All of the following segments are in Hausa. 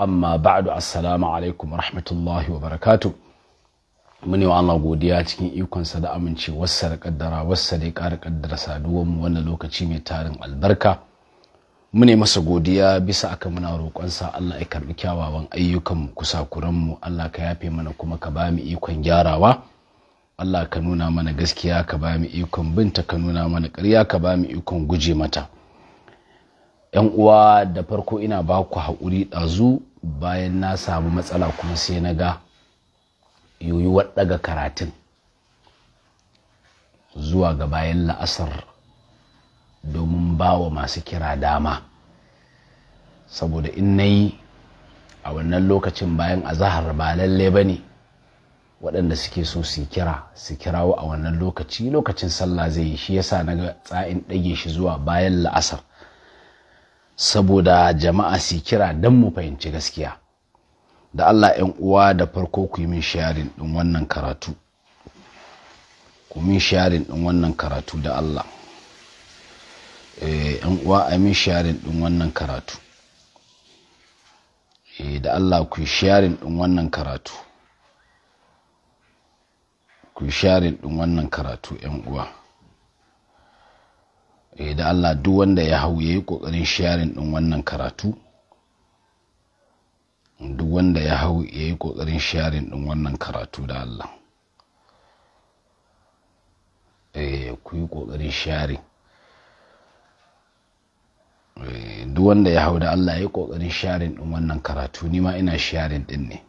amma ba'du assalamu alaikum rahmatullahi wa barakatu muni wa Allah godiya cikin ikonsa da amincewarsa da kaddara wasa da ya ƙara kaddara saduwar mu wannan lokaci mai tarin albarka mune masa godiya bisa aka muna roƙonsa Allah ya karbi kyawawan ayyukan mu kusakuran mu Allah ka yafe mana kuma ka ba mu ikon gyarawa Allah ka nuna mana gaskiya ka ba mu ikon binta ka nuna mana ƙarya ka ba mu ikon guje mata yan uwa da farko ina ba ku haƙuri ɗazu bayan na samu matsala kuma sai na ga yoyuwar daga karatun zuwa ga bayan la'asar domin ba wa masu kira dama saboda in na yi a wannan lokacin bayan a zahar ba lalle ba ne waɗanda suke so su kira su kirawo a wannan lokaci lokacin sallah zai yi shi yasa na ga tsa'in ɗage shi zuwa bayan la'asar saboda jama'a su kira don mu fahimci gaskiya da allah yan uwa da farko ku yi min sharin ɗin wannan karatu ku min sharin ɗin wannan karatu da allah eh, yan uwa a min sharin ɗin wannan karatu eh, da allah ku yi sharin ɗin wannan karatu ku yi sharin ɗin wannan karatu yan uwa Eh, da Allah duk wanda ya hau ya yi ƙoƙarin sharing ɗin wannan karatu duk wanda ya hau ya yi ƙoƙarin sharing ɗin wannan karatu da Allah eh, ku yi ƙoƙarin sharing eh, duk wanda ya hau da Allah ya yi ƙoƙarin sharing ɗin wannan karatu ni ma ina sharing ɗin ne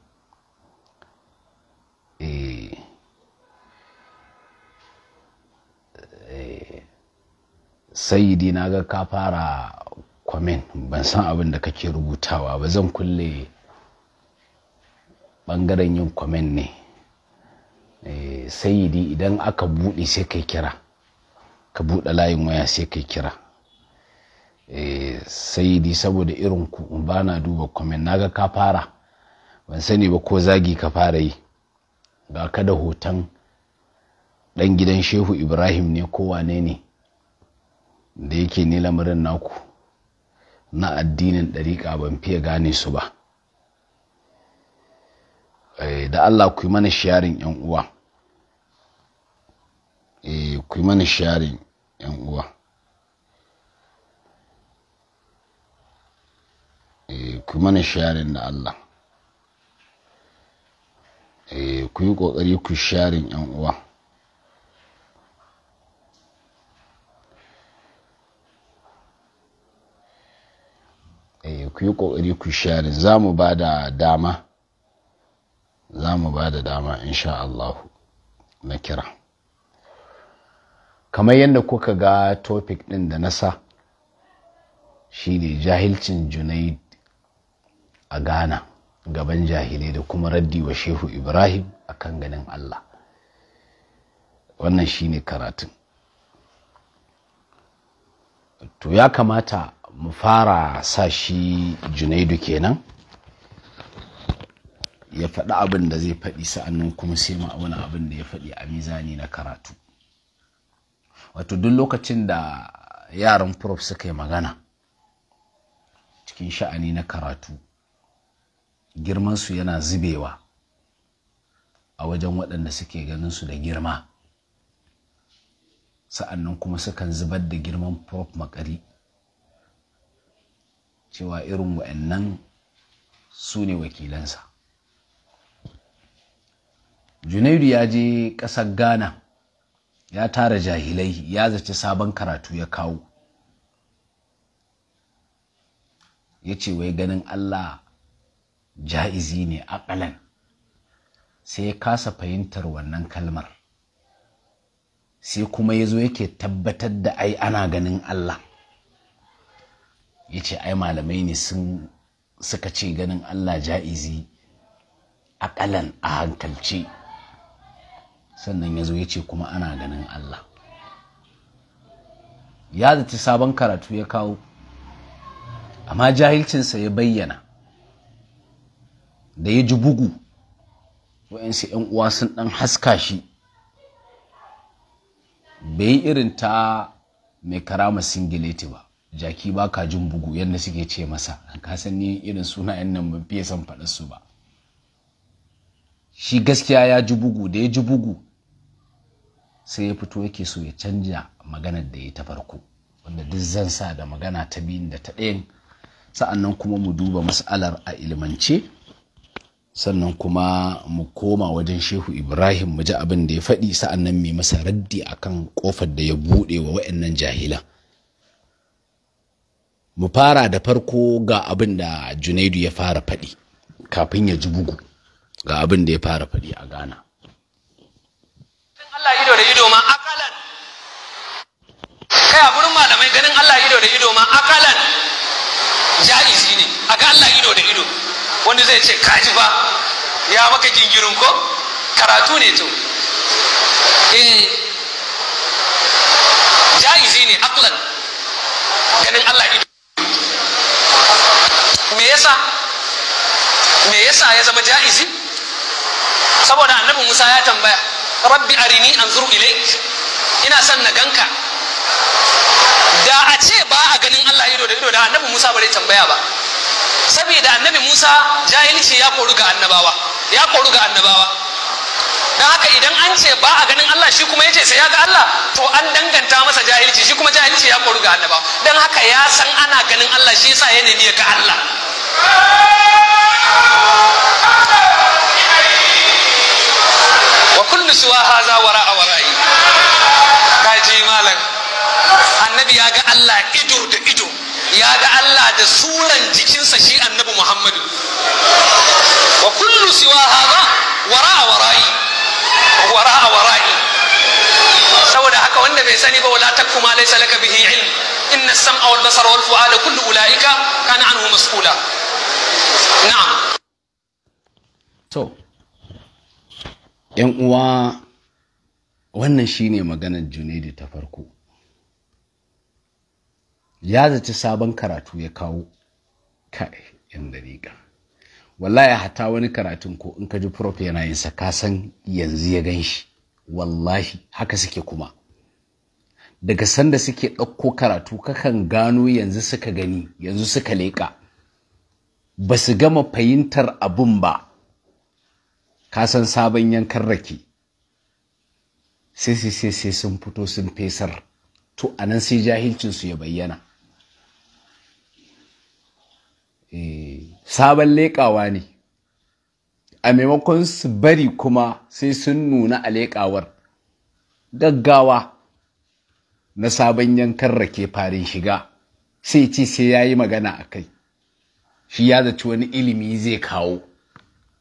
eh sayidi na ga ka fara kwamen ban san abin da kake rubutawa ba zan kulle bangaren yin kwamen ne eh, sayidi idan aka buɗe sai kai kira ka buɗe layin waya sai kai kira eh, sayidi saboda irin ku ba na duba kwamen na ga ka fara ban sani ba ko zagi ka fara yi ga ka da hoton ɗan gidan shehu ibrahim ne ko ne ne da yake ni lamarin naku na addinin ɗariƙa ban fiye gane su ba eh, da Allah ku yi mana sharing yan uwa eh, ku yi mana sharing yan uwa eh, ku yi mana da Allah ku yi ƙoƙari ku sharing yan uwa Eh, ku yi ƙoƙari ku share za mu ba da dama za mu dama insha Allahu na kira kamar yadda kuka ga topic ɗin da na sa shi ne jahilcin junaid a ghana gaban jahilai da kuma raddi wa shehu ibrahim a kan ganin allah wannan shi ne karatun to ya kamata mu fara sa shi junaidu kenan ya faɗi abin da zai faɗi sa'annin kuma sai mu auna abin da ya faɗi a mizani na karatu wato duk lokacin da yaran prof suka yi magana cikin sha'ani na karatu girmansu yana zubewa a wajen waɗanda suke ganin su da girma sa'annan kuma sukan zubar da girman prof makari cewa irin wa'annan su ne wakilansa junaidu ya je ƙasar ghana ya tara jahilai ya zaci sabon karatu ya kawo ya ce wai ganin allah ja'izi ne a ƙalan. sai ya kasa fahimtar wannan kalmar sai kuma ya zo yake tabbatar da ai ana ganin allah ya ce ai malamai ne sun suka ce ganin allah ja'izi akalan a hankalce sannan ya zo ya ce kuma ana ganin allah ya zaci sabon karatu ya kawo amma jahilcinsa ya bayyana da ya ji bugu waɗansu 'yan uwa sun ɗan haska shi bai irin ta mai karama singileti ba jaki ba ka jin bugu yadda suke ce masa ka san ni irin sunayen nan ban fiye son faɗar su ba shi gaskiya ya ji bugu da ya ji bugu sai ya fito yake so ya canja maganar da ya ta farko wanda duk zan sa da magana ta biyun da ta ɗayan sa'annan kuma mu duba mas'alar a ilimance sannan kuma mu koma wajen shehu ibrahim mu ji abin da ya faɗi sa'annan mai masa raddi akan ƙofar da ya buɗe wa wa'annan jahilan mu fara da farko ga abin da junaidu ya fara faɗi kafin ya ji bugu ga abin da ya fara faɗi a ghana Allah ido da ido ma akalan kai a gurin malamai ganin Allah ido da ido ma akalan ja'izi ne a ga Allah ido da ido wanda zai ce kaji ba ya maka gingirin ko karatu ne to eh ja'izi ne aklan ganin Allah ido yasa me yasa ya zama ja'izi saboda annabi Musa ya tambaya rabbi arini anzuru ilaik ina son na ganka da a ce ba a ganin Allah ido da ido da annabi Musa ba zai tambaya ba saboda annabi Musa jahilci ya koru ga annabawa ya koru ga annabawa don haka idan an ce ba a ganin Allah shi kuma yace sai ya ga Allah to an danganta masa jahilci shi kuma jahilci ya koru ga annabawa don haka ya san ana ganin Allah shi yasa ya nemi ya ga Allah wa kullu siwa haza wara a wara'i kaji malam annabi ya ga Allah ido da ido ya ga Allah da suran jikinsa shi annabi Muhammadu wa kullu siwa haza wara a wara'i wara a wara'i saboda haka wanda bai sani ba wala takuma laysa laka bihi ilm inna as-sam'a wal basara wal fu'ada kullu ulaika kana anhu mas'ula to yan uwa wannan shine maganar junaidu ta farko ya zaci sabon karatu ya kawo kai yan dariƙa wallahi hata wani karatun ko in ka ji prof yana yin sa ka san yanzu ya gan shi wallahi haka suke kuma daga sanda suke ɗauko karatu kakan gano yanzu suka gani yanzu suka leƙa ba su gama fahimtar abun ba ka san sabon yankan rake sai sai sai sun fito sun fesar to a nan sai jahilcinsu ya bayyana eh, sabon leƙawa ne a maimakon su bari kuma sai sun nuna a leƙawar gaggawa na sabon yankan rake farin shiga sai ce sai ya yi magana a kai shi ya zaci wani ilimi zai kawo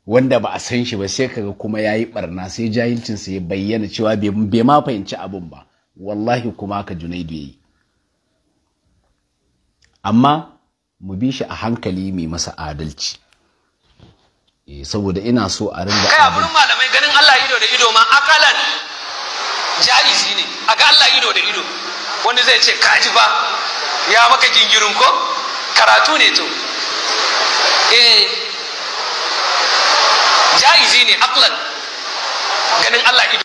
wanda ba a san shi ba sai kaga kuma ya yi barna sai jahilcinsa ya bayyana cewa bai ma fahimci abin ba wallahi kuma ka junaidu ya yi amma mu bi shi a hankali mai masa adalci eh, saboda ina so a ringa kai abin malamai ganin Allah ido da ido ma akalan ja'izi ne a ga Allah ido da ido wanda zai ce kaji ba ya maka gingirin ko karatu ne to Eh, jaizi ne aklan ganin Allah ido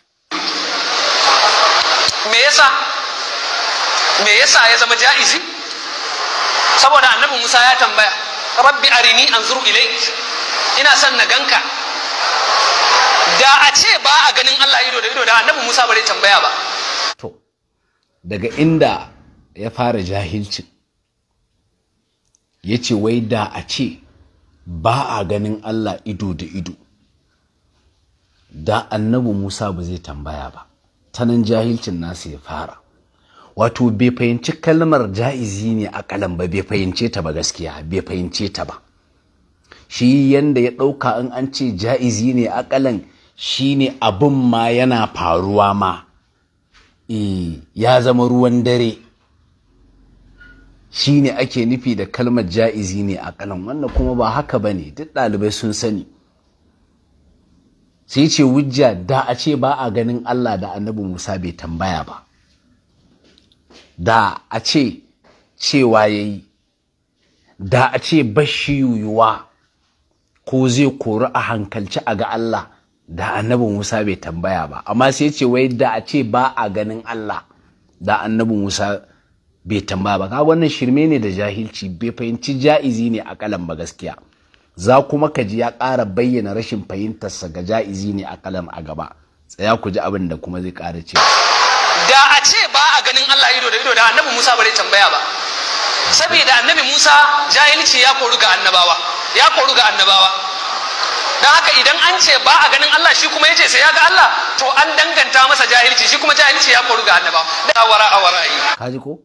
me yasa me yasa ya zama jaizi saboda annabi Musa ya tambaya rabbi arini anzuru ilayk ina son na ganka da a ce ba a ganin Allah ido da ido da annabi Musa bare tambaya ba to daga inda ya fara jahilcin ya ce wai da a ce ba a ganin Allah ido da ido da annabi Musa ba zai tambaya ba Tanan jahilcin nasu ya fara wato bai fahimci kalmar ja'izi ne a kalan ba bai fahimce ta ba gaskiya bai fahimce ta ba shi yanda ya ɗauka in an ce ja'izi ne a kalan shi ne abin ma yana faruwa ma eh, ya zama ruwan dare shi ne ake nufi da kalmar ja'izi ne a kalan wannan kuma ba haka ba ne duk ɗalibai sun sani sai ce wujja da a ce ba a ganin Allah da annabi Musa bai tambaya ba da a ce cewa ya yi da a ce bashi yiwuwa ko zai kori a hankalci a ga Allah da annabi Musa bai tambaya ba amma sai ce wai da a ce ba a ganin Allah da annabi Musa bai tambaya ba ka wannan shirme ne da jahilci bai fahimci ja'izi ne a kalam ba gaskiya za kuma ka ji ya ƙara bayyana rashin fahimtarsa ga ja'izi ne a kalam a gaba tsaya ku ji abin da kuma zai ƙara ce da a ce ba a ganin Allah ido da ido da annabi Musa bare tambaya ba saboda annabi Musa jahilci ya koru ga annabawa ya koru ga annabawa dan haka idan an ce ba a ganin Allah shi kuma yace sai ya ga Allah to an danganta masa jahilci shi kuma jahilci ya koru ga annabawa da wara awara yi kaji ko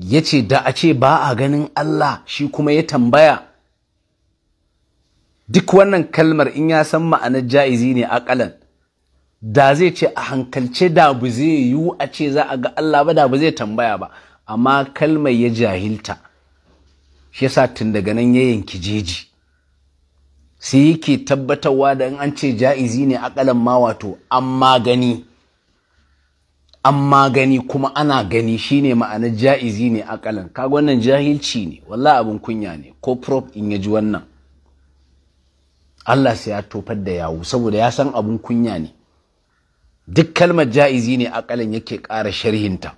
ya ce da a ce ba a ganin Allah shi kuma ya tambaya duk wannan kalmar in ya san ma'anar ja'izi ne akalan da zai ce a hankalce da bu zai yiwu a ce za a ga Allah ba da bu zai tambaya ba amma kalmar ya jahilta shi yasa tun daga nan ya yanki jeji sai yake tabbatarwa da in an ce ja'izi ne akalan ma wato amma gani amma gani kuma ana gani shine ma'anar ja'izi ne akalan kaga wannan jahilci ne wallahi abin kunya ne ko prop in ya ji wannan Allah sai ya tofar da yawu saboda ya san abin kunya ne duk kalmar ja'izi ne akalan yake ƙara sharhinta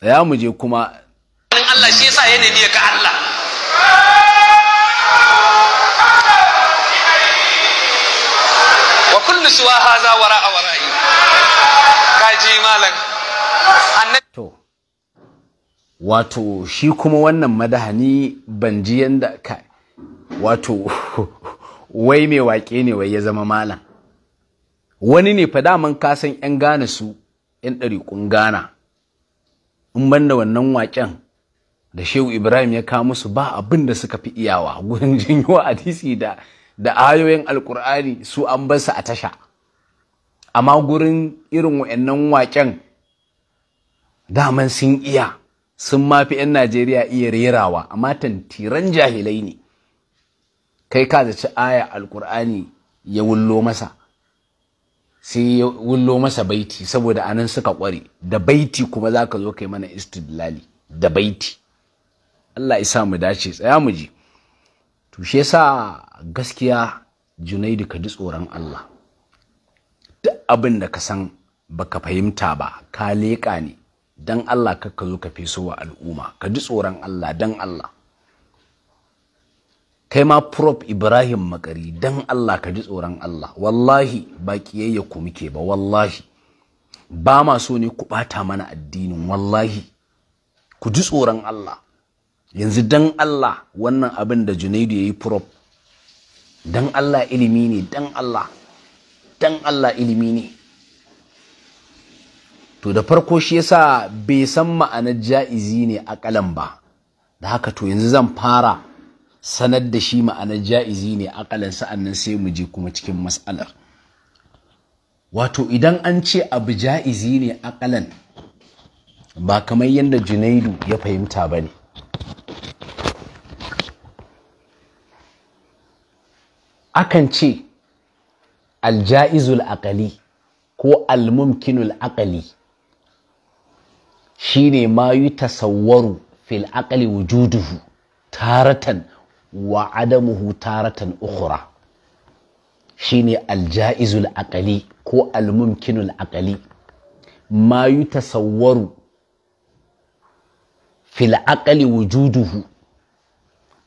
tsaya mu je kuma Allah shi yasa yana nemi ka Allah wa kullu suwa haza wara'a wara'i kaji malam to wato shi kuma wannan madahani ban ji yanda ka wato wai mai waƙe ne wai ya zama malam wani ne fa daman ka san yan gane su yan ɗariƙun gana in banda wannan waken. da shehu ibrahim ya kawo musu ba abin da suka fi iyawa gurin jinyo hadisi da da ayoyin alkur'ani su an bar su a tasha amma gurin irin wa'annan waken daman sun iya sun mafi 'yan najeriya iya rerawa amma tantiran jahilai ne kai ka zaci aya alkur'ani ya wullo masa sai ya wullo masa baiti saboda anan suka kware da baiti kuma za ka zo kai mana istidlali da baiti allah isa mu dace tsaya mu ji to shi yasa gaskiya junaidu ka ji tsoron allah duk abin da ka san baka fahimta ba ka leƙa ne don Allah ka zo ka feso wa al'umma ka ji tsoron Allah don Allah kai ma prof ibrahim makari don Allah ka ji tsoron Allah wallahi ba ƙiyayya ku muke ba wallahi ba ma so ne ku ɓata mana addinin wallahi ku ji tsoron Allah yanzu don Allah wannan abin da junaidu ya yi prof don Allah ilimi ne don Allah dan Allah ilimi ne to da farko shi yasa bai san ma'anar ja'izi ne a kalan ba da haka to yanzu zan fara sanar da shi ma'anar ja'izi ne a akalan sa'annan sai mu je kuma cikin mas'alar wato idan an ce abu ja'izi ne a akalan ba kamar yadda junaidu ya fahimta ba ne akan ce alja'izul aqali ko almumkinul aqali shine ma yi tasawwaru fil aqali wujuduhu taratan wa adamuhu taratan ukhra shine alja'izul aqali ko almumkinul aqali ma yi tasawwaru fil aqali wujuduhu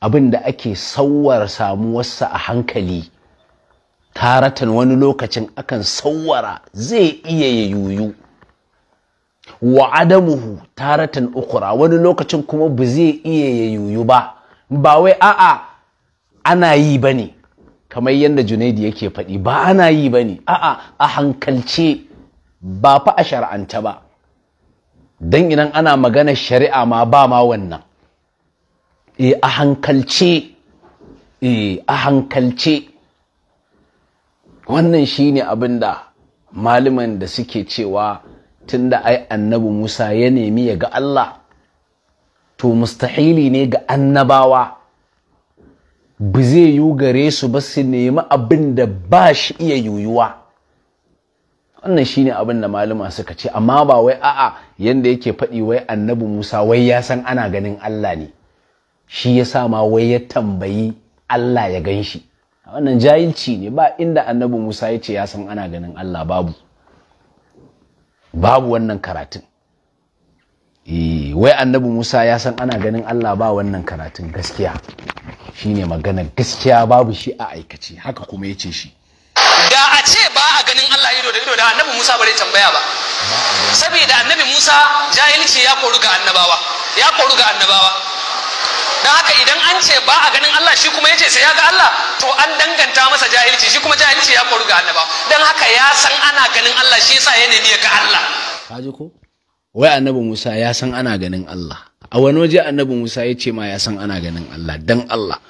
abin da ake sauwara samuwarsa a hankali taratan wani lokacin akan sauwara zai iya ya yuyu wa adamuhu taratan ukura wani lokacin kuma ba zai iya ya yuyu ba ba wai a'a ana yi ba ne kamar yadda junaidi yake faɗi ba ana yi ba ne a'a a hankalce ba fa a shar'anta ba don idan ana magana shari'a ma ba ma wannan eh, a hankalce e a hankalce wannan shine abin da malaman da suke cewa tun da ai annabi musa ya nemi ya ga allah to mustahili ne ga annabawa ba zai yiwu gare su ba su nemi abin da ba shi iya yiwuwa wannan shine abin da malama suka ce amma ba wai a'a yanda yake faɗi wai annabi musa wai ya san ana ganin allah ne shi ya sa ma wai ya tambayi allah ya gan shi wannan jahilci ne ba inda annabi musa ya ce ya san ana ganin allah babu babu wannan karatun eh, wai annabi musa ya san ana ganin allah ba wannan karatun gaskiya shine magana gaskiya babu shi a aikace haka kuma ya ce shi da a ce ba a ganin allah ido da ido da annabi musa ba zai tambaya ba saboda annabi musa jahilci ya koru ga annabawa ya koru ga annabawa don haka idan an ce ba a ganin Allah shi kuma ya ce sai ya ga Allah to an danganta masa jahilci shi kuma jahilci ya koru ga annaba don haka ya san ana ganin Allah shi yasa ya nemi ya ga Allah kaji ko wai annabi Musa ya san ana ganin Allah a wani waje annabi Musa ya ce ma ya san ana ganin Allah dan Allah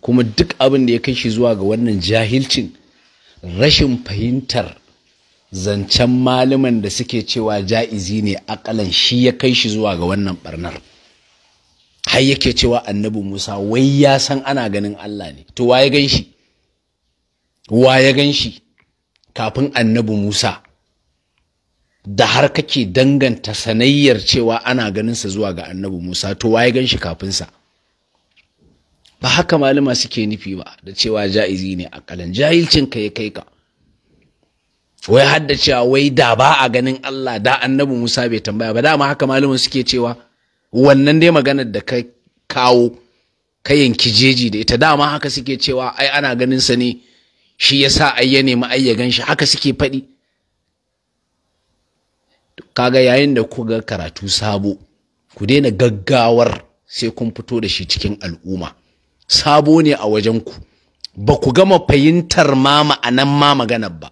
kuma duk abin da ya kai shi zuwa ga wannan jahilcin rashin fahimtar zancen malaman da suke cewa ja'izi ne akalan shi ya kai shi zuwa ga wannan barnar har yake cewa annabi Musa wai ya san ana ganin Allah ne to waye gan shi waye gan shi kafin annabi Musa da har kake danganta sanayyar cewa ana ganinsa zuwa ga annabi Musa to waye gan shi sa ba haka malama suke nufi ba da cewa ja'izi ne a kalan jahilcin ka ya kai ka wai har cewa wai da ba a ganin Allah da annabi Musa bai tambaya ba dama haka malama suke cewa wannan dai maganar da ka kawo ka yanki jeji da ita dama haka suke cewa ai ana ganin sa ne shi ya ai ya nemi ai ya shi, haka suke faɗi kaga yayin da ku ga karatu sabo ku daina gaggawar sai kun fito da shi cikin al'umma sabo ne a wajen ku ba ku gama fahimtar ma ma'anan ma maganar ba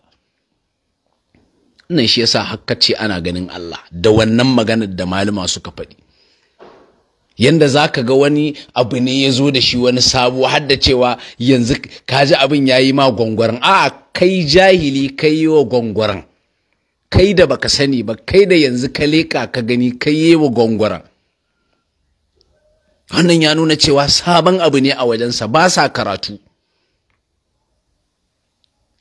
nan shi yasa hakka ce ana ganin Allah da wannan maganar da malama suka faɗi yanda za ka ga wani abu ne ya zo da shi wani sabo har da cewa yanzu kaji abin ya yi ma gwangwaran a kai jahili kai yi wa gwangwaran kai da baka sani ba kai da yanzu ka leka ka gani kai yi wa gwangwaran wannan ya nuna cewa sabon abu ne a wajensa ba sa karatu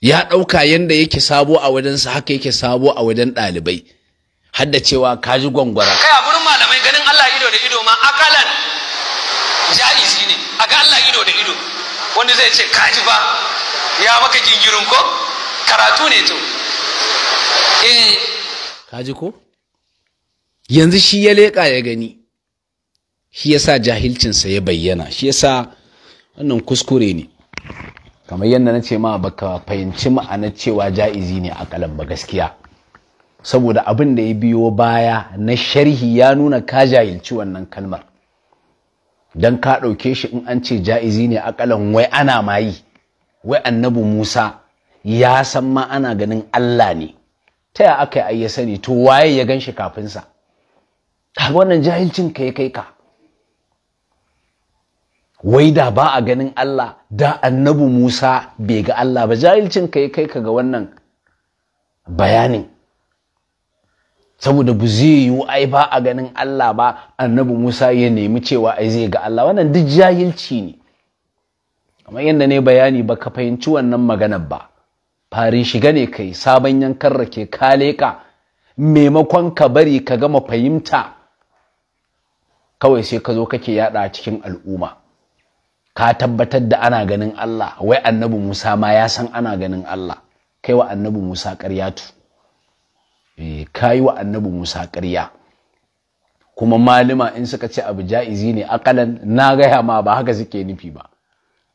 ya ɗauka yanda yake sabo a wajensa haka yake sabo a wajen ɗalibai har cewa ka ji amma akalan ja'izi ne a ga Allah ido da ido wanda zai ce kaji ba ya maka gingirin ko karatu ne to eh kaji ko yanzu shi ya leƙa ya gani shi yasa jahilcinsa ya bayyana shi yasa wannan kuskure ne kamar yadda na ce ma baka fahimci ma'anar cewa ja'izi ne a kalan ba gaskiya saboda abin da ya biyo baya na sharhi ya nuna ka jahilci wannan kalmar don ka ɗauke shi in an ce ja'izi ne akalan wai ana mayi wai annabi musa ya san ma ana ganin allah ne ta ya aka yi ya sani to waye ya gan shi kafinsa wannan jahilcin ka ya kai ka wai da ba a ganin Allah da annabi Musa bai ga Allah ba jahilcin ka ya kai ka ga wannan bayanin saboda bu zai yiwu ai ba a ganin Allah ba annabi Musa ya nemi cewa ai zai ga Allah wannan duk jahilci ne kamar yadda ne bayani ba ka fahimci wannan maganar ba farin shiga ne kai sabon yankan rake ka leƙa maimakon ka bari ka gama fahimta kawai sai ka zo kake yada cikin al'umma ka tabbatar da ana ganin Allah wai annabi Musa ma ya san ana ganin Allah kai wa annabi Musa ƙaryatu Eh, kayi wa annabi musa ƙarya kuma malama in suka ce abu ja'izi ne akalan na gaya ma ba haka suke nufi ba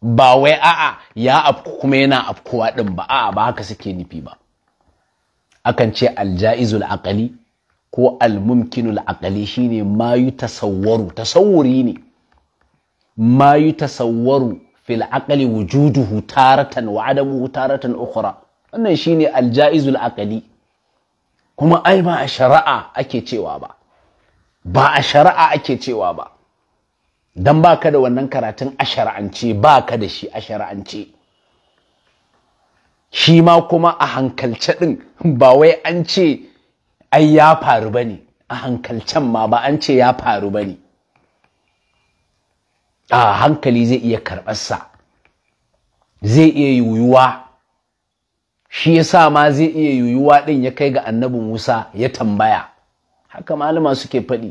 ba wai a'a ya afku kuma yana afkuwa din ba a'a ba haka suke nufi ba akan ce alja'izul aqali ko almumkinul aqali shine ma tasawwaru tasawuri ne ma tasawwaru fil aqali wujuduhu taratan wa adamuhu taratan ukhra wannan shine alja'izul aqali kuma ai ba a shari'a ake cewa ba ba a shari'a ake cewa ba don ba ka da wannan karatun a shari'ance ba ka da shi a shari'ance shi ma kuma a hankalce ɗin ba wai an ce ai ya faru ba ne a hankalcen ma ba an ce ya faru ba ne a hankali zai iya karɓarsa zai iya yiwuwa shi yasa ma zai iya yuyuwa din ya kai ga annabi Musa ya tambaya haka malama suke faɗi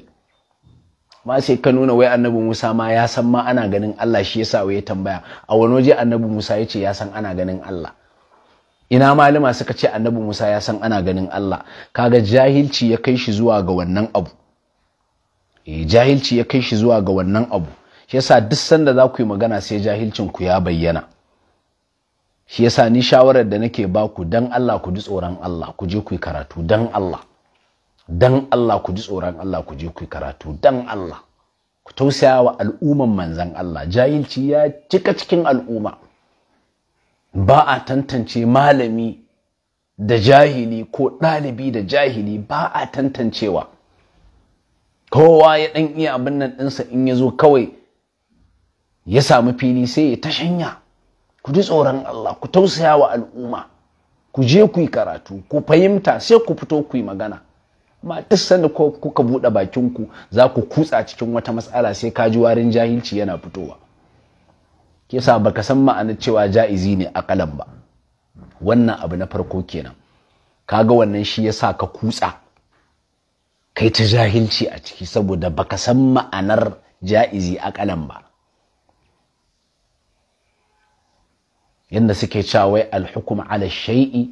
ma sai ka nuna wai annabi Musa ma ya san ma ana ganin Allah shi yasa wai ya tambaya a wani waje annabi Musa ya ce ya san ana ganin Allah ina malama suka ce annabi Musa ya san ana ganin Allah kaga jahilci ya kai shi zuwa ga wannan abu Eh jahilci ya kai shi zuwa ga wannan abu shi yasa duk sanda za ku yi magana sai jahilcin ku ya bayyana shi yasa ni shawarar da nake baku dan Allah ku ji tsoron Allah ku je ku yi karatu dan Allah dan Allah ku ji tsoron Allah ku je ku yi karatu dan Allah ku tausaya wa al'umman manzan Allah jahilci ya cika cikin al'umma ba a tantance malami da jahili ko ɗalibi da jahili ba a tantancewa kowa ya ɗan iya abin nan ɗinsa in ya zo kawai ya samu fili sai ya ta shanya ku ji tsoron Allah ku tausaya wa al'umma ku je ku yi karatu ku fahimta sai ku fito ku yi magana amma duk sanda kuka buɗe bakinku za ku kutsa cikin wata matsala sai ka ji warin jahilci yana fitowa Ke ba baka san ma'anar cewa ja'izi ne a kalan ba wannan abu na farko kenan kaga wannan shi yasa ka kutsa kai ta jahilci a ciki saboda baka san ma'anar ja'izi a kalan ba yadda suke cewa alhukum ala shay'i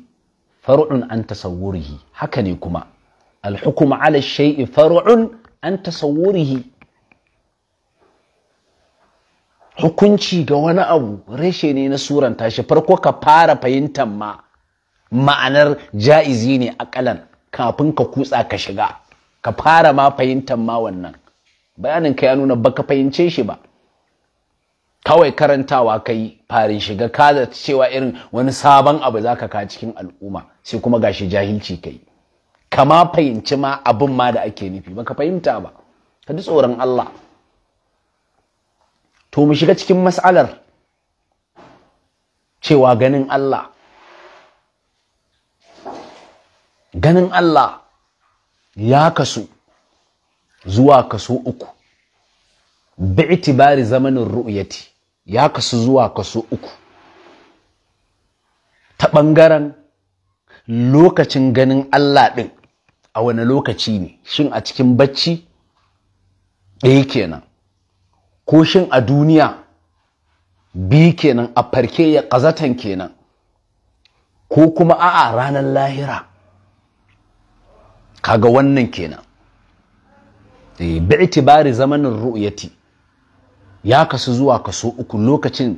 far'un an tasawwurihi haka ne kuma alhukum ala shay'i far'un an tasawwurihi hukunci ga wani abu reshe ne na suran tashi farko ka fara fahimtar ma ma'anar ja'izi ne akalan kafin ka kutsa ka shiga ka fara ma fahimtar ma wannan bayanin ka ya nuna baka fahimce shi ba kawai karantawa kai farin shiga ka da cewa irin wani sabon abu za ka cikin al'umma sai kuma gashi jahilci kai kama fahimci ma abin ma da ake nufi ka fahimta ba ka ji tsoron Allah to mu shiga cikin mas'alar cewa ganin Allah ganin Allah ya kasu zuwa kaso uku itibari zamanin ru'yati ya kasu zuwa kasu uku ta ɓangaren lokacin ganin Allah ɗin a wani lokaci ne shin a cikin bacci ɗaya kenan ko shin a duniya biyu kenan a farke ya ƙazatan kenan ko kuma a'a ranar lahira kaga wannan kenan eh, bi itibari zamanin ru'yati ya kasu zuwa kaso uku lokacin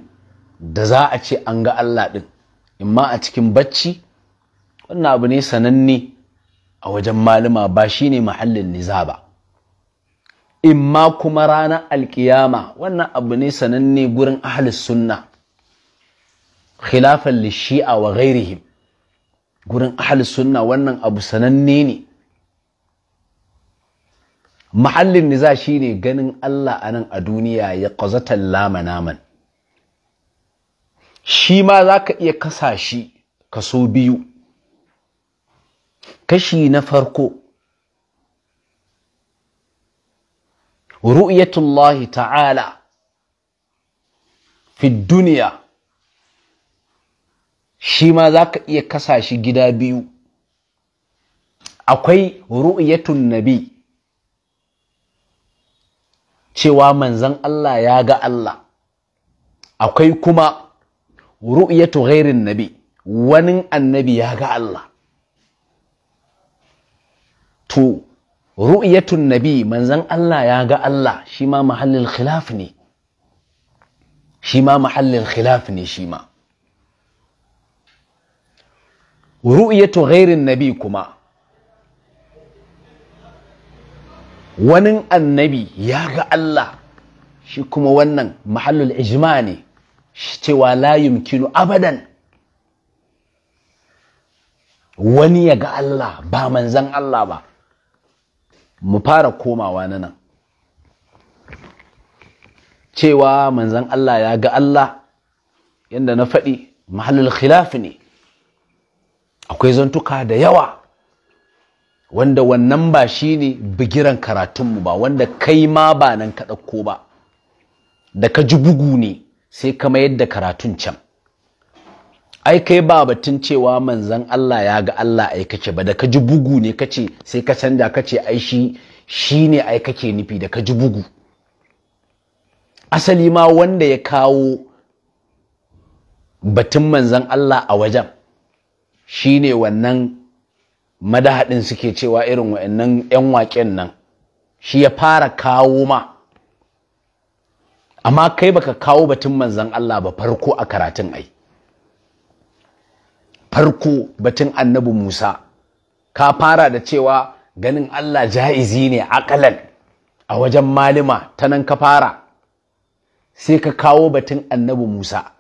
da za a ce an ga Allah ɗin imma a cikin bacci wannan abu ne sananne a wajen malama ba shi ne mahallin niza ba imma kuma ranar alkiyama wannan abu ne sananne gurin ahalis sunna khilafan lishi'a wa gairihim gurin ahalis sunna wannan abu sananne ne mahallin niza ne ganin Allah a nan a duniya ya ƙazatan lama naman shi ma za ka iya kasa shi kaso biyu kashi na farko ru'yatullahi ta'ala fi duniya shi ma za ka iya kasa shi gida biyu akwai ru'yatun nabi cewa manzan Allah ya ga Allah akwai kuma ru'yatu ghairin nabi wani annabi ya ga Allah to ru'yatun nabi manzan Allah ya ga Allah shi ma mahallin khilaf ne shi ma mahallin khilaf ne shi ma ru'yatu ghairin nabi kuma Wanin annabi ya ga Allah shi kuma wannan mahallul ijma ne cewa layin yumkinu abadan wani ya ga Allah ba manzan Allah ba mu fara komawa na nan cewa manzan Allah ya ga Allah yadda na faɗi mahallul khilaf ne akwai zantuka da yawa wanda wannan ba shi ne bigiran karatunmu ba wanda kai ma ba nan ka ɗauko ba da ka ji bugu ne sai ka mayar da karatun can ai kai ba batun cewa manzan Allah ya ga Allah ai ba da ka ji bugu ne kace sai ka canja kace ai shi shi ne ai kake nufi da ka ji bugu asali ma wanda ya kawo batun manzan Allah a wajen shi ne wannan madahaɗin suke cewa irin wa'annan 'yan waƙen nan shi ya fara kawo ma amma kai baka kawo batun manzan Allah ba farko a karatun ai farko batun annabi Musa ka fara da cewa ganin Allah ja'izi ne akalan a wajen malima ta nan ka fara sai ka kawo batun annabi Musa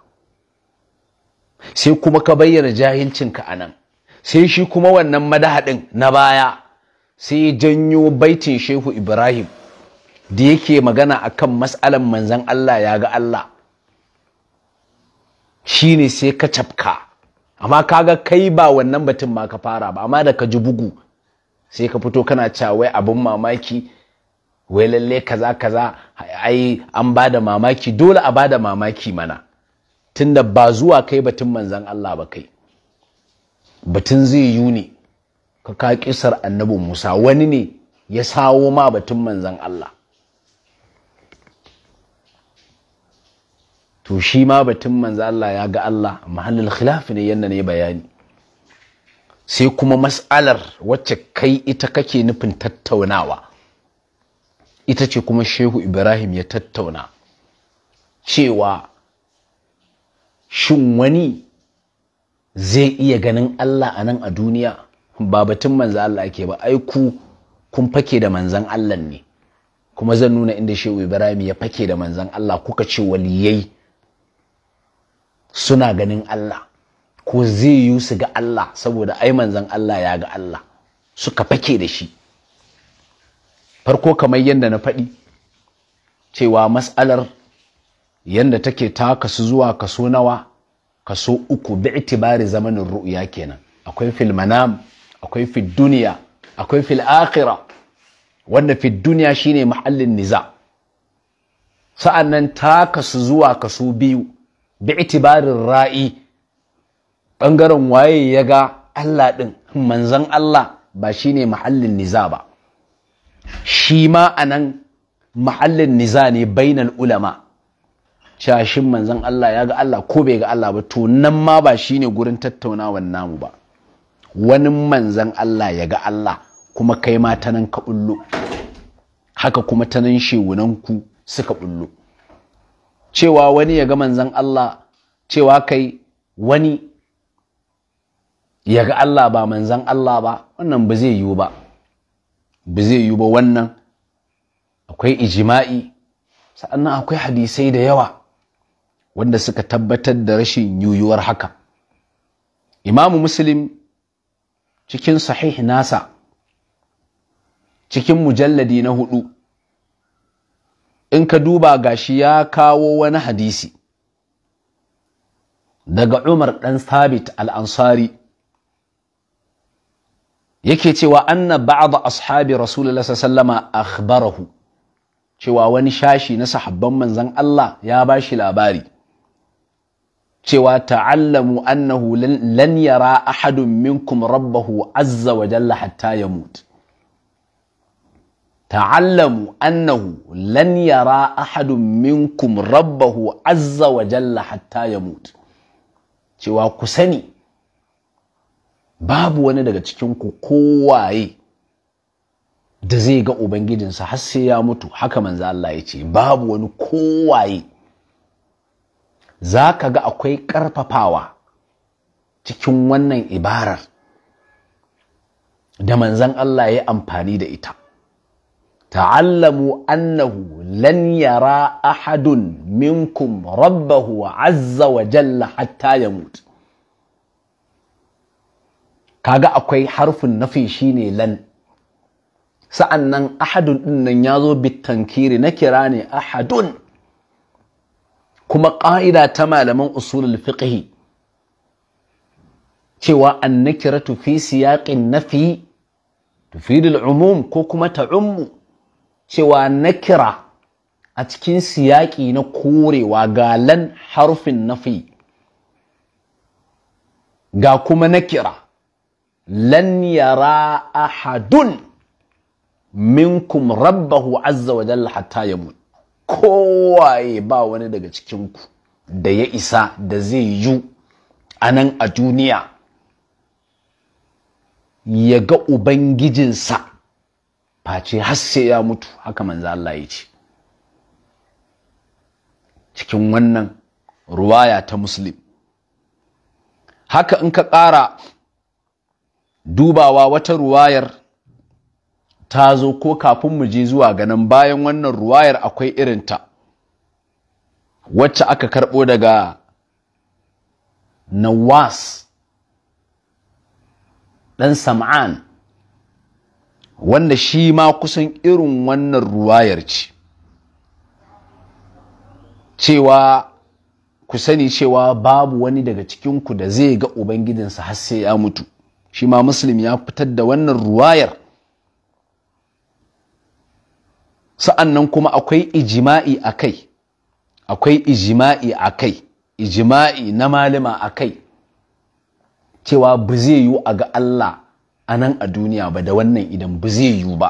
sai kuma ka bayyana jahilcinka a nan sai shi kuma wannan madahaɗin na baya sai janyo baitin shehu ibrahim da yake magana akan matsalan manzan allah ya ga allah shi ne sai ka cafka amma kaga kai ba wannan batun ma ka fara ba amma da ka ji bugu sai ka fito kana cewa wai abin mamaki wai lalle kaza kaza ai an ba da mamaki dole a ba da mamaki mana tunda ba zuwa kai batun manzan allah ba kai batun zai yi ne ka ka kisar annabi Musa wani ne ya sawo ma batun manzan Allah to shi ma batun manzan Allah ya ga Allah mahallin khilafi ne yadda ne bayani sai kuma mas'alar wacce kai ita kake nufin tattaunawa ita ce kuma shehu ibrahim ya tattauna cewa shin wani zai iya ganin Allah a nan a duniya ba batun manzan Allah ake ba ai ku kun fake da manzan Allah ne kuma zan nuna inda shehu Ibrahim ya fake da manzan Allah kuka ce waliyai suna ganin Allah ko zai yi su ga Allah saboda ai manzan Allah ya ga Allah suka fake da shi farko kamar yadda na faɗi cewa matsalar yadda take ta kasu zuwa kaso nawa kaso uku bi zamanin ru'ya kenan akwai fil manam akwai fil duniya akwai fil akhirah wanda fil duniya shine mahallin niza sa'annan ta kasu zuwa kaso biyu bi ra'i bangaren waye ya ga Allah din manzon Allah ba shine mahallin niza ba shi ma anan mahallin niza ne bainal ulama cewa shin manzon Allah ya ga Allah ko bai ga Allah ba to nan ma ba shine gurin tattaunawan namu ba wani manzan Allah ya ga Allah kuma kai ma ta nan ka bullo haka kuma ta nan shewunanku suka bullo cewa wani ya ga manzon Allah cewa kai wani ya ga Allah ba manzan Allah ba wannan ba zai yiwu ba ba zai yiwu ba wannan akwai ijima'i sa'annan akwai hadisai da yawa wanda suka tabbatar da rashin yiwuwar haka imamu muslim cikin sahih nasa cikin mujalladi na hudu in ka duba gashi ya kawo wani hadisi daga umar dan sabit al-ansari yake cewa anna ba'd ashabi rasulullah sallama akhbarahu cewa wani shashi na sahabban manzon Allah ya bashi labari cewa ta'allamu annahu lan yara ahadun minkum rabbahu azza wa jalla hatta mutu. ta'allamu annahu lan yara ahadun minkum rabbahu azza wa jalla hatta mutu. cewa ku sani babu wani daga cikinku kowaye da zai ga ubangijinsa har sai ya mutu haka manzo Allah ya ce babu wani kowaye za ka ga akwai ƙarfafawa cikin wannan ibarar da manzan Allah ya amfani da ita ta'allamu annahu lan yara ahadun minkum rabbahu azza wa jalla hatta ya mutu kaga akwai harfin shi ne lan sa'annan ahadun ɗin nan bitan kiri na kira ne ahadun kuma ƙa'ida ta malaman usulul fiqhi cewa annakiratu fi siyaqin nafi tufidul umum ko kuma ta'ummu cewa nakira a cikin siyaƙi na korewa galan harfin nafi ga kuma nakira lan yara ahadun minkum rabbahu azza wa jalla hatta yamut kowaye ba wani daga cikinku da ya isa da zai yi a nan a duniya ya ga ubangijinsa face har sai ya mutu haka manzo Allah ya ce cikin wannan ruwaya ta muslim haka in ka ƙara dubawa wata ruwayar ta zo ko kafin mu je zuwa ganin bayan wannan ruwayar akwai irinta wacce aka karɓo daga nawas ɗan sam'an wanda shi ma kusan irin wannan ruwayar ce cewa ku sani cewa babu wani daga cikinku da zai ga ubangijinsa har sai ya mutu shi ma muslim ya fitar da wannan ruwayar sa'annan kuma akwai ijima'i a kai akwai ijima'i a kai ijima'i na malama a kai cewa ba zai yiwu a ga Allah a nan a duniya ba da wannan idan ba zai yiwu ba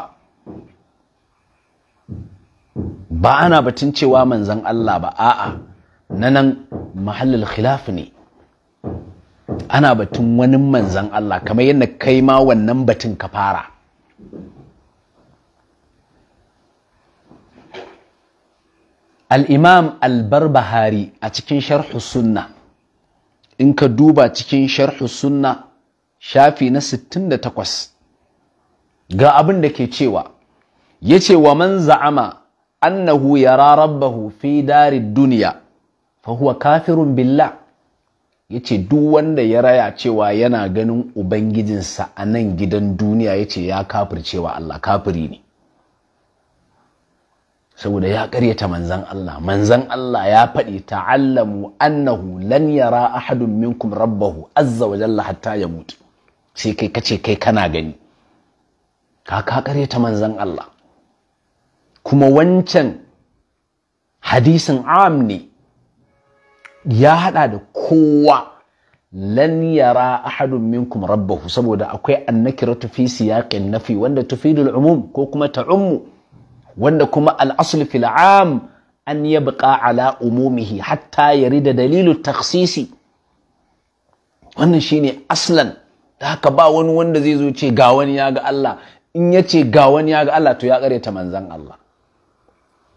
ba ana batun cewa manzan Allah ba a'a na nan mahallin khilaf ne ana batun wani manzan Allah kamar yadda kai ma wannan batun ka fara al'imam albarbahari a cikin sharhu sunna in ka duba cikin sharhu sunna shafi na sittin da takwas. ga abin da ke cewa ya ce wa man za'ama annahu yara rabbahu fi darin duniya fa huwa kafirun billa. ya ce duk wanda ya raya cewa yana ganin ubangijinsa a nan gidan duniya ya ce ya kafircewa Allah kafiri ne saboda ya karyata manzan Allah manzan Allah ya faɗi ta'allamu annahu lan yara ahadun minkum rabbahu azza wa jalla hatta ya mutu sai kai kace kai kana gani ka ka karyata manzan Allah kuma wancan hadisin am ne ya hada da kowa lan yara ahadun minkum rabbahu saboda akwai annakiratu fi siyaqin nafi wanda tufidul umum ko kuma ta'ummu wanda kuma al'asul fil am an yabqa ala umumihi hatta yari da dalilu taksisi wannan shine aslan da haka ba wani wanda zai zo ce ga wani ya ga Allah in ya ce ga wani ya ga Allah to ya ta manzan Allah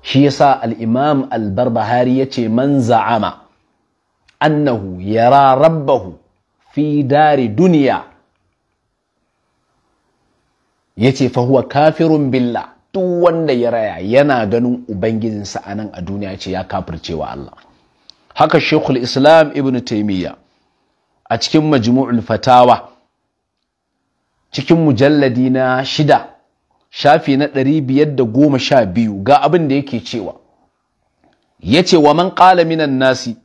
shi yasa al-imam al-barbahari ya ce man za'ama annahu yara rabbahu fi dari duniya ya ce fahuwa kafirun billah duk wanda ya raya yana ganin ubangijinsa a nan a duniya ce ya kafirce wa Allah haka shekul islam ibn taimiyya a cikin majmu'ul fatawa cikin mujalladi na shida shafi na ɗari biyar da goma sha biyu ga abin da yake cewa ya ce wa man ƙala minan nasi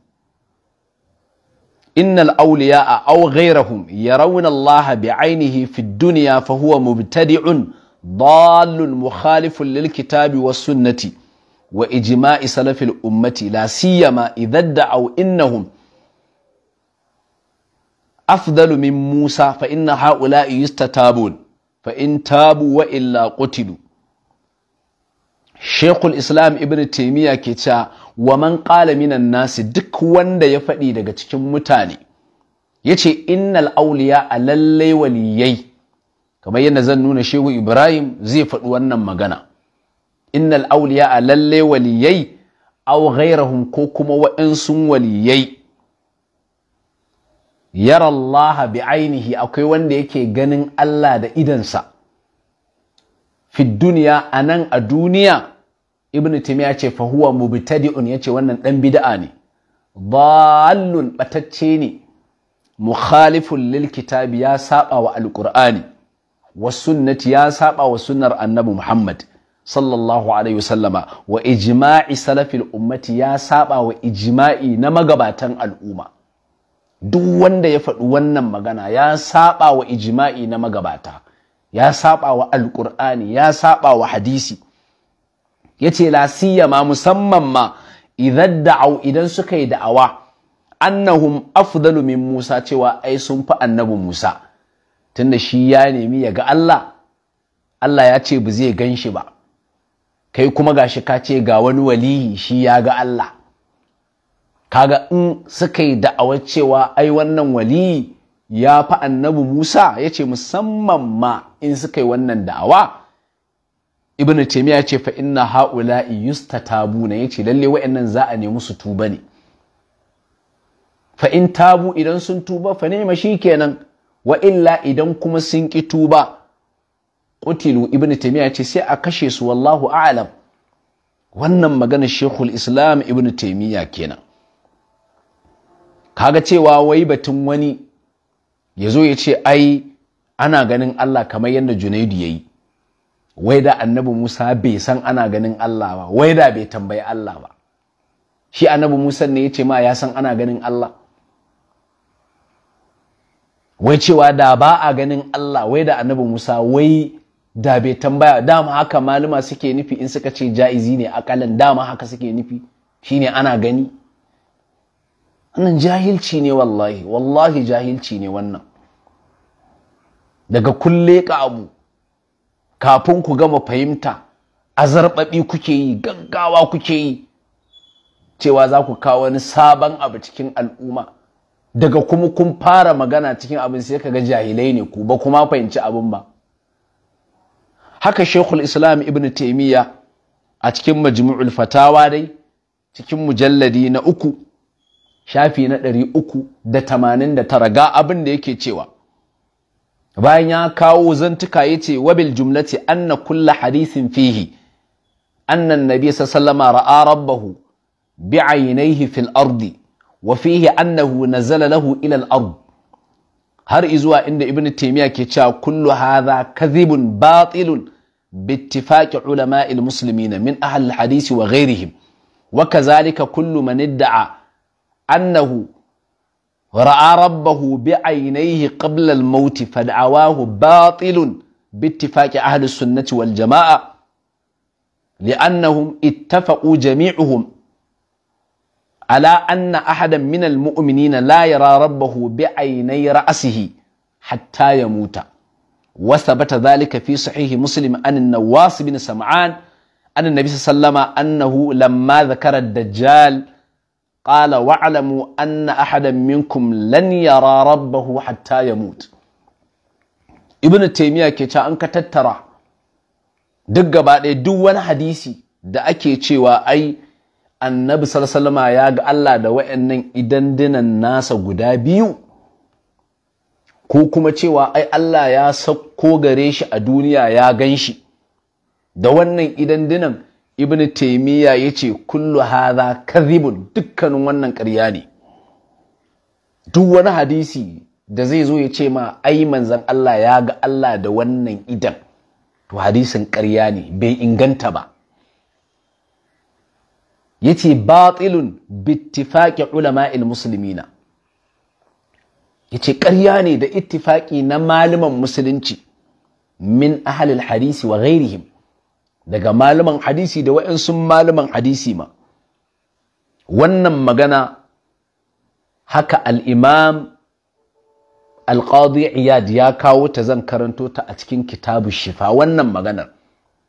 innal auliya a au ghairahum yarawna Allah bi ainihi fi duniya fa huwa mubtadi'un dallun mukhalifun lil kitabi was sunnati wa ijma'i salafil ummati la siyama idad da'aw innahum afdalu min Musa fa inna ha'ula'i yustatabun fa in tabu wa illa qutilu Shekul Islam Ibn Taimiyya ke ca wa man qala minan nasi duk wanda ya faɗi daga cikin mutane yace innal awliya a lallai waliyai kamar yadda zan nuna shehu ibrahim zai faɗi wannan magana innal auliya a lalle waliyai au ghairahum ko kuma wa'insun waliyai yara Allah bi ainihi akwai wanda yake ganin Allah da idansa fi duniya a nan a duniya ibn tim ya ce fahuwa mubtadi'un ya ce wannan ɗan bida'a ne dallun ɓatacce ne mukhalifun lil kitabi ya saba wa alƙur'ani wa sunnati ya saba wa sunnar annabi Muhammad sallallahu alaihi wasallama wa ijma'i salafil ummati ya saba wa ijma'i na magabatan al'umma duk wanda ya faɗi wannan magana ya saba wa ijma'i na magabata ya saba wa alqur'ani ya saba wa hadisi ce lasiya ma musamman ma idan da'au idan suka yi da'awa annahum afdalu min Musa cewa ai sun fi annabi Musa tunda shi ya nemi ya ga Allah Allah ya ce ba zai gan shi ba kai kuma gashi ka ce ga wani waliyi shi ya ga Allah kaga in suka yi da'awar cewa ai wannan waliyi ya fi annabi Musa ya ce musamman ma in suka yi wannan da'awa ibn taymiya ya ce fa inna haula'i yustatabuna ya ce lalle wa'annan za a nemi su tuba ne fa in tabu idan sun tuba fa ne ma kenan wa illa idan kuma sun ƙi tuba ƙutilu ibnu taymiya ce sai a kashe su wallahu a'lam wannan magana shekul islam ibnu taymiya kenan kaga cewa wai batun wani ya zo ya ce ai ana ganin Allah kamar yadda Junaidu ya yi wai da annabi Musa bai san ana ganin Allah ba wai da bai tambayi Allah ba shi annabi Musa ne ya ce ma ya san ana ganin Allah wai cewa da ba a ganin Allah wai da annabi Musa wai da bai tambaya dama haka malama suke nufi in suka ce ja'izi ne akalan dama haka suke nufi shine ana gani wannan jahilci ne wallahi wallahi jahilci ne wannan daga kulle ka abu kafin ku gama fahimta azarbabi kuke yi gaggawa kuke yi cewa za ku kawo wani sabon abu cikin al'umma daga kuma kun fara magana cikin abin sai kaga jahilai ne ku ba kuma fahimci abin ba haka shekul islam ibn taimiyya a cikin majmu'ul fatawa dai cikin mujalladi na uku shafi na ɗari uku da tamanin da tara ga abin da yake cewa bayan ya kawo zantuka ya ce wabil jumlati anna kulla hadisin fihi annan nabi sallama ra'a rabbahu bi'ainaihi fil ardi وفيه أنه نزل له إلى الأرض هر ard إن ابن inda ibn كل هذا كذب باطل باتفاق علماء المسلمين من أهل الحديث وغيرهم وكذلك كل من ادعى أنه رأى ربه بعينيه قبل الموت فدعواه باطل باتفاق أهل السنة والجماعة لأنهم اتفقوا جميعهم ala anna ahadan minal mu'minina la yara rabbahu bi ainai ra'asihi hatta yamuta! muta wa thabata fi sahihi muslim an an bin sam'an an annabi sallama annahu lamma dhakara dajjal قال واعلموا أن أحدا منكم لن يرى ربه حتى يموت ابن تيمية كيتا أنك تترى دقبا دي دوان حديثي دا أكي تشيوا أي annabi salasalama ya ga Allah da wa'annan idan dinan nasa guda biyu ko kuma cewa ai Allah ya sakko gare shi a duniya ya gan shi da wannan idan dinan ibn taimiyya ya ce kullu haza karibun dukkanin wannan ƙarya ne duk wani hadisi da zai zo ya ce ma ai manzan Allah ya ga Allah da wannan idan to hadisin ƙarya ne bai inganta ba yace batilun bittifaqi ulama'il muslimina yace ƙarya ne da ittifaqi na malaman musulunci min ahlil hadisi wa ghairihim daga malaman hadisi da wa'ansu malaman hadisi ma wannan magana haka al-imam al-qadi iyad ya kawo ta zan karanto ta a cikin kitabu shifa wannan maganar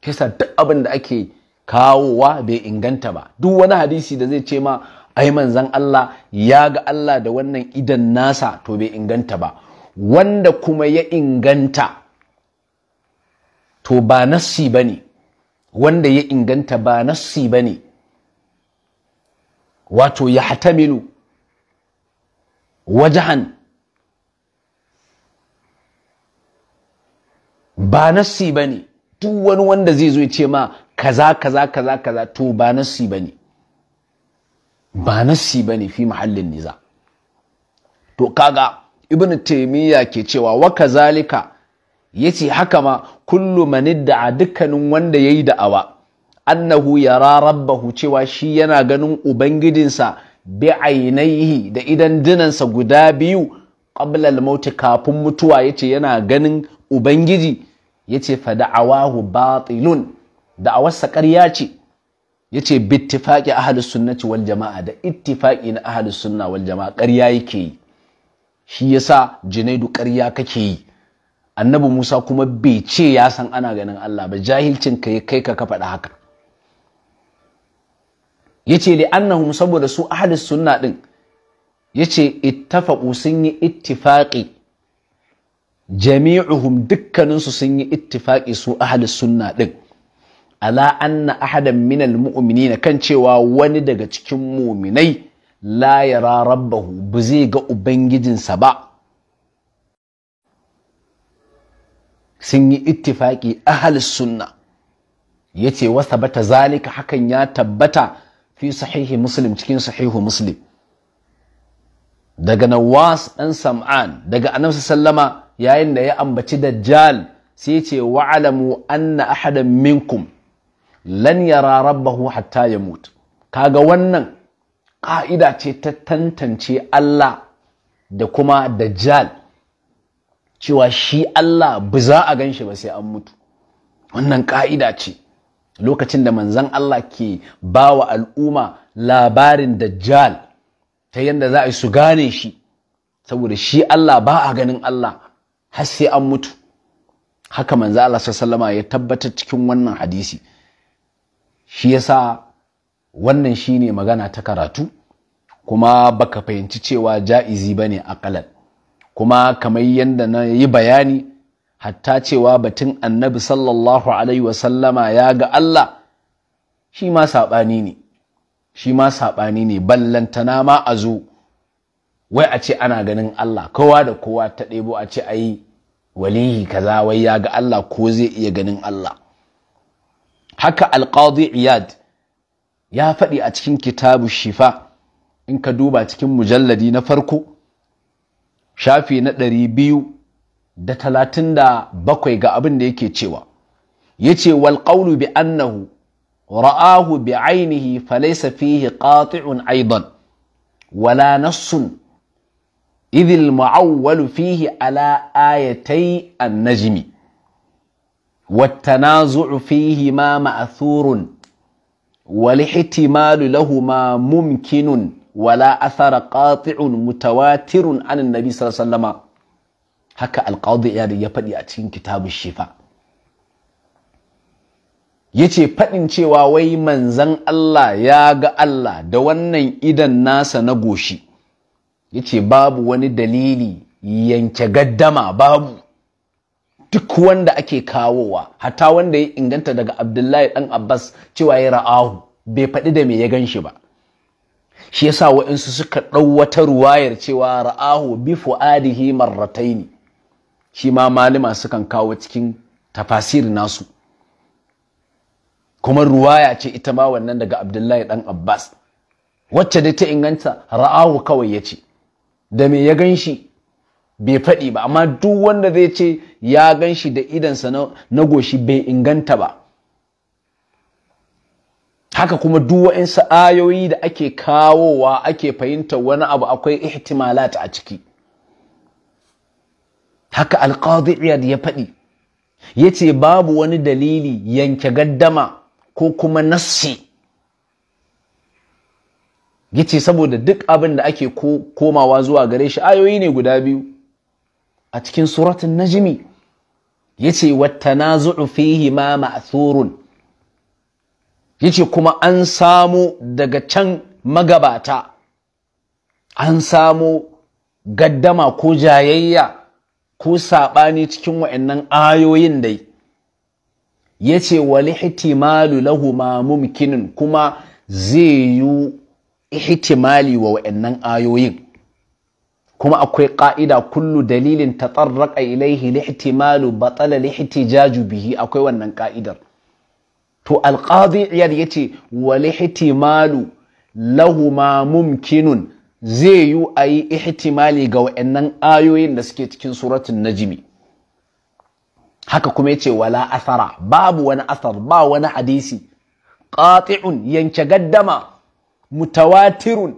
kisa duk abin da ake yi kawowa bai inganta ba duk wani hadisi da zai ce ma ai manzan Allah ya ga Allah da wannan idan nasa to bai inganta ba wanda kuma ya inganta to ba nassi ba ne wanda ya inganta ba nassi ba ne wato ya hatamilu wajahan ba nassi ba ne duk wani wanda zai zo ce ma kaza kaza kaza kaza to ba nassi bane ba nassi bane fi mahallin niza to kaga ibnu taymiya ke cewa wa kazalika yace haka ma kullu man idda dukkanin wanda yayi da'awa annahu yara rabbahu cewa shi yana ganin ubangijinsa bi ainihi da idan dinansa guda biyu qabla al kafin mutuwa yace yana ganin ubangiji yace fa da'awahu batilun Da da'awarsa ƙarya ce yace bittifaƙi ahlus sunnati wal jama'a da ittifaƙi na ahlus sunna wal jama'a ƙarya yake yi shi yasa Junaidu ƙarya kake yi Annabi Musa kuma bai ce ya san ana ganin Allah ba jahilcin ka kai ka ka faɗa haka yace li annahum saboda su ahlus sunna din yace ittafaqu sun yi jami'uhum dukkaninsu sun yi ittifaqi su ahlus sunna din ala anna ahadan minal mu'minina kan cewa wani daga cikin muminai la yara rabbahu ba zai ga ubangijinsa ba sun yi ittifaki ahal sunna yace wa sabata zalika hakan ya tabbata fi sahihi muslim cikin sahihu muslim daga nawas ɗan sam'an daga anamsa sallama yayin da ya ambaci dajjal sai ce wa'alamu anna ahadan minkum lan yara rabbahu hatta ya mutu kaga wannan ka'ida ce ta tantance Allah da kuma dajjal cewa shi Allah ba za a ganshi ba sai an mutu wannan ka'ida ce lokacin da manzan Allah ke bawa al'umma labarin dajjal ta yadda za a yi su gane shi saboda shi Allah ba a ganin Allah har sai an mutu haka manzan Allah sallama ya tabbatar cikin wannan hadisi shi yasa wannan shine magana ta karatu kuma baka fahimci cewa ja'izi bane akalan kuma kamar yadda na yi bayani hatta cewa batun annabi sallallahu alaihi wasallama ya ga Allah shi ma saɓani ne shi ma saɓani ne ballantana ma a zo wai a ce ana ganin Allah kowa da kowa ta ɗebo a ce a yi walihi kaza wai ya ga Allah ko zai iya ganin Allah haka alqadi iyad ya faɗi a cikin kitabu shifa in ka duba cikin mujalladi na farko shafi na ɗari biyu da talatin da bakwai ga abin da yake cewa ya ce wal bi annahu ra'ahu bi ainihi falaisa fihi qati'un aidan wala nassun idh al fihi ala ayatai an-najmi والتنازع فيهما مأثور والاحتمال لهما ممكن ولا أثر قاطع متواتر عن النبي صلى الله عليه وسلم هكا القاضي يعني يفدي أتين كتاب الشفاء yace fadin cewa wai manzan Allah ya ga Allah da wannan idan nasa na goshi yace babu wani dalili yanke gaddama babu duk wanda ake kawowa hata wanda ya inganta daga abdullahi dan abbas cewa ya ra'ahu bai faɗi da me ya gan shi ba shi yasa wa'insu suka ɗau wata ruwayar cewa ra'ahu bi fu'adihi marrataini shi ma malima sukan kawo cikin tafasir nasu kuma ruwaya ce ita ma wannan daga abdullahi dan abbas wacce dai ta inganta ra'ahu kawai ya ce da me ya gan shi bai faɗi ba amma duk wanda zai ce ya gan shi da idansa na goshi bai inganta ba haka kuma duk wa'insu ayoyi da ake kawowa ake fahimtar wani abu akwai ihtimalat a ciki haka alqadi ya faɗi ya ce babu wani dalili yanke gaddama ko kuma nassi ya ce saboda duk abin da ake komawa zuwa gare shi ayoyi ne guda biyu a cikin suratun najmi yace zuɗu fihi ma Ya ce kuma an samu daga can magabata an samu gaddama ko jayayya ko saɓani cikin wa'annan ayoyin dai ya ce wani ihtimalu lahu ma mumkinin kuma zai yi ihtimali wa wa'annan ayoyin kuma akwai ƙa'ida kullu dalilin ta tsarraƙa ilaihi lihtimalu batsala lihtijaju bihi akwai wannan ƙa'idar to alƙazi iyad ya ce wa lihtimalu ma mumkinun zai yi a yi ihtimali ga wa'annan ayoyin da suke cikin suratun najimi haka kuma ya ce wala asara babu wani asar ba wani hadisi ƙati'un yanke gaddama mutawatirun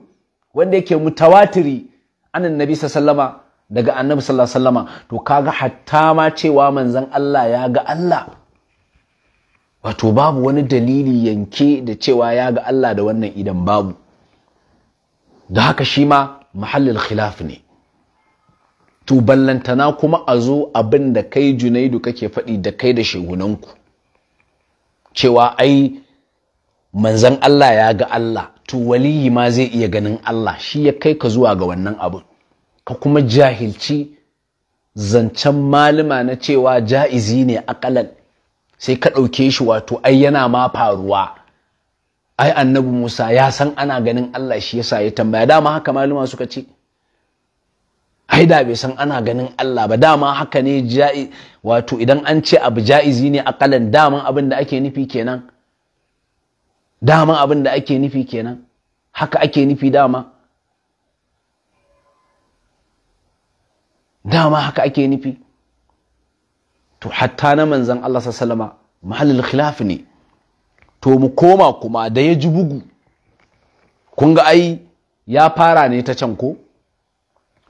wanda yake mutawatiri anan nabi sallama daga annabi sallallahu alaihi to kaga hatta ma cewa manzon Allah ya ga Allah wato babu wani dalili yanke da cewa ya ga Allah da wannan idan babu da haka shi ma mahallin khilaf ne to ballantana kuma a zo abin da kai junaidu kake faɗi da kai da shegunanku cewa ai manzan Allah ya ga Allah to waliyi ma zai iya ganin Allah shi ya kai ka zuwa ga wannan abun ka kuma jahilci zancen malama na cewa ja'izi ne akalan sai ka ɗauke shi wato ai yana ma faruwa ai annabi Musa ya san ana ganin Allah shi yasa ya tambaya dama haka maluma suka ce ai da bai san ana ganin Allah ba dama haka ne wato idan an ce abu ja'izi ne akalan daman abin da ake nufi kenan dama abin da ake nufi kenan haka ake nufi dama dama haka ake nufi to hatta na manzan Allah sallama mahallul khilaf ne to mu koma kuma da ya ji bugu kun ga ai ya fara ne ta can ko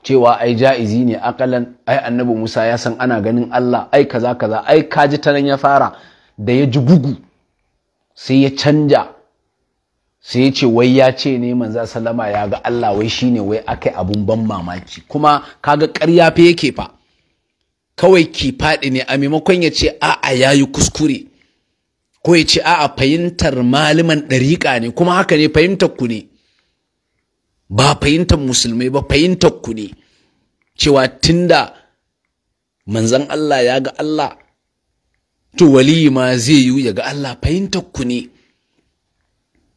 cewa ai ja'izi ne akalan ai annabi Musa ya san ana ganin Allah ai kaza kaza ai kaji ta nan ya fara da ya ji bugu sai ya canja sai ya ce wai ya ce ne manza Salama ya ga Allah wai shi ne wai aka abun ban mamaki kuma kaga ƙarya fa yake fa kawai ki faɗi ne a maimakon ya ce a'a yi kuskure ko ya ce a'a fahimtar maliman ɗariƙa ne kuma haka ne fahimtar ku ne ba fahimtar musulmai ba fahimtar ku ne cewa tunda manzan Allah ya ga Allah to waliyi ma zai yi ya ga Allah fahimtar ku ne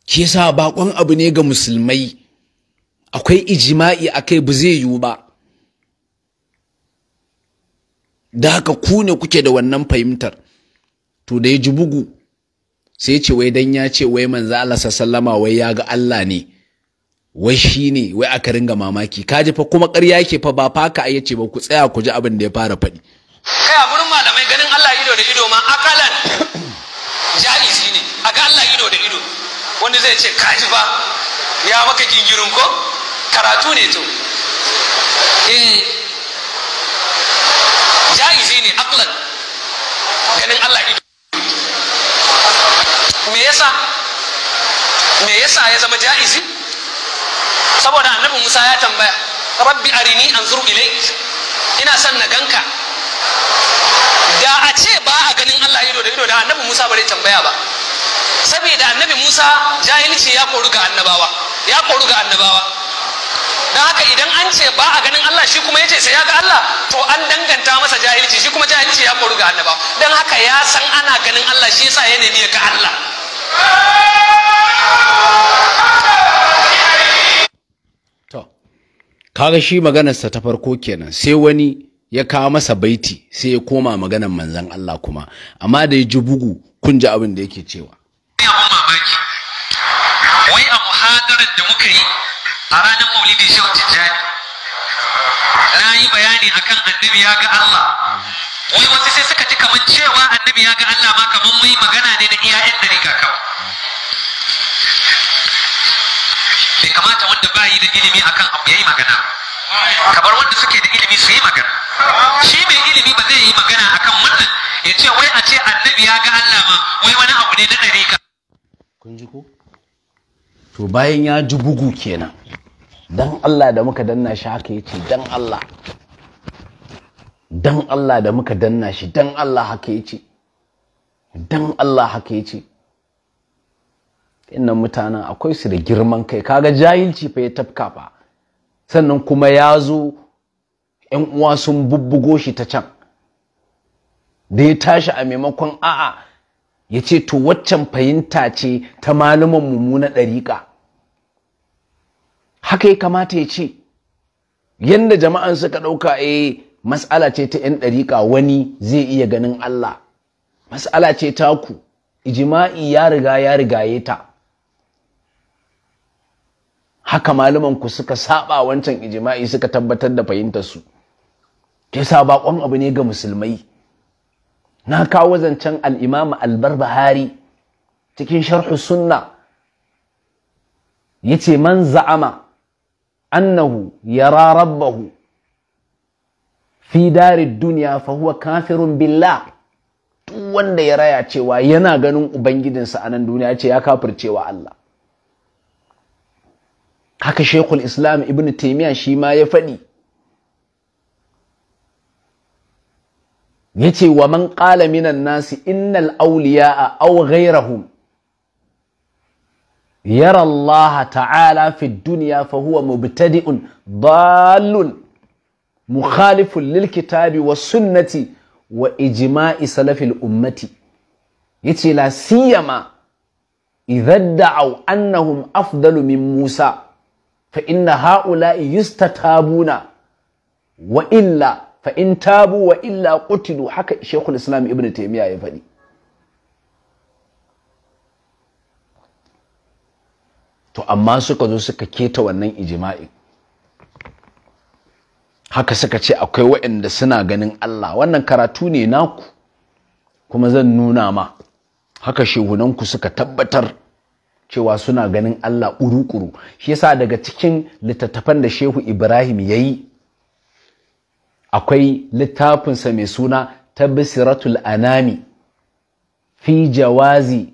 ke sa bakon abu ne ga musulmai akwai ijima'i a kai ba zai yiwu ba da haka ku ne kuke da wannan fahimtar to da ya ji bugu sai ce wai dan ya ce wai manzo Allah sallama wai ya ga Allah ne wai shi ne wai aka ringa mamaki kaji fa kuma ƙarya yake fa ba fa ka ce ba ku tsaya ku ji abin da ya fara faɗi kai a gurin malamai ganin Allah ido da ido ma akalan jaizi ne a ga Allah ido da ido wani zai ce kaji ba ya maka gingirin ko karatu ne to eh jaizi ne aklan ganin Allah ido me yasa me yasa ya zama jaizi saboda annabi Musa ya tambaya rabbi arini anzur ilayk ina son na ganka da a ce ba a ganin Allah ido da ido da annabi Musa bare tambaya ba saboda annabi musa jahilci ya koru ga annabawa ya koru ga annabawa don haka idan an ce ba a ganin allah shi kuma ya ce sai ya ga allah to an danganta masa jahilci shi kuma jahilci ya koru ga annabawa don haka ya san ana ganin allah shi yasa ya nemi ya ga allah kaga shi maganarsa ta farko kenan sai wani ya kawo masa baiti sai ya koma maganar manzan Allah kuma amma da ya ji bugu kun ji abin da yake cewa abin mamaki wai a muhadarar da muka yi a ranar maulidi shehu tijjani na yi bayani akan annabi ya ga Allah wai wasu sai suka ji kamar cewa annabi ya ga Allah ma kamar mai magana ne na iyayen dare kakau bai kamata wanda ba yi da ilimi akan abu ya yi magana kamar wanda suke da ilimi su yi magana shi mai ilimi ba zai yi magana akan wannan ya ce wai a ce annabi ya ga Allah ma wai wani abu ne na dare kun ji ko to bayan ya ji bugu kenan dan Allah da muka danna shi haka yace dan Allah dan Allah da muka danna shi dan Allah haka yace dan Allah haka yace innan mutanen akwai su da girman kai kaga jahilci fa ya tafka fa sannan kuma ya zo ‘yan uwa sun bubbugo shi ta can da ya tashi a maimakon a'a ya ce to waccan fahimta ce ta malaman mummuna ɗariƙa haka ya kamata ya ce yadda jama'an suka ɗauka eh matsala ce ta 'yan ɗariƙa wani zai iya ganin Allah Matsala ce ta ku, ijima'i ya riga ya rigaye ta haka malaman ku suka saba wancan ijima'i suka tabbatar da fahimtar su ke sa baƙon abu ne ga musulmai na kawo zancen al'imamu albarbahari cikin sharhu sunna ya ce man za'ama annahu yara rabbahu fi darin duniya fa huwa kafirun billah duk wanda ya raya cewa yana ganin ubangijinsa a nan duniya ce ya kafircewa Allah haka shekul islam ibn taimiyya shi ma ya faɗi yace wa man qala minan nasi innal awliya'a aw ghayrahum yara Allah ta'ala fi dunya fa huwa mubtadi'un dallun mukhalifun lil kitabi was sunnati wa ijma'i salafil ummati yace la siyama idan da'aw annahum afdalu min Musa fa inna ha'ula'i yustatabuna wa illa fa in tabu wa illa qutilu haka shaykhul islam ibn taymiya ya faɗi to amma suka zo suka keta wannan ijma'i haka suka ce akwai waɗanda suna ganin Allah wannan karatu ne naku kuma zan nuna ma haka shehunanku suka tabbatar cewa suna ganin Allah ƙuru shi yasa daga cikin littattafan da shehu Ibrahim ya yi akwai littafinsa mai suna ta bisiratul anami fi jawazi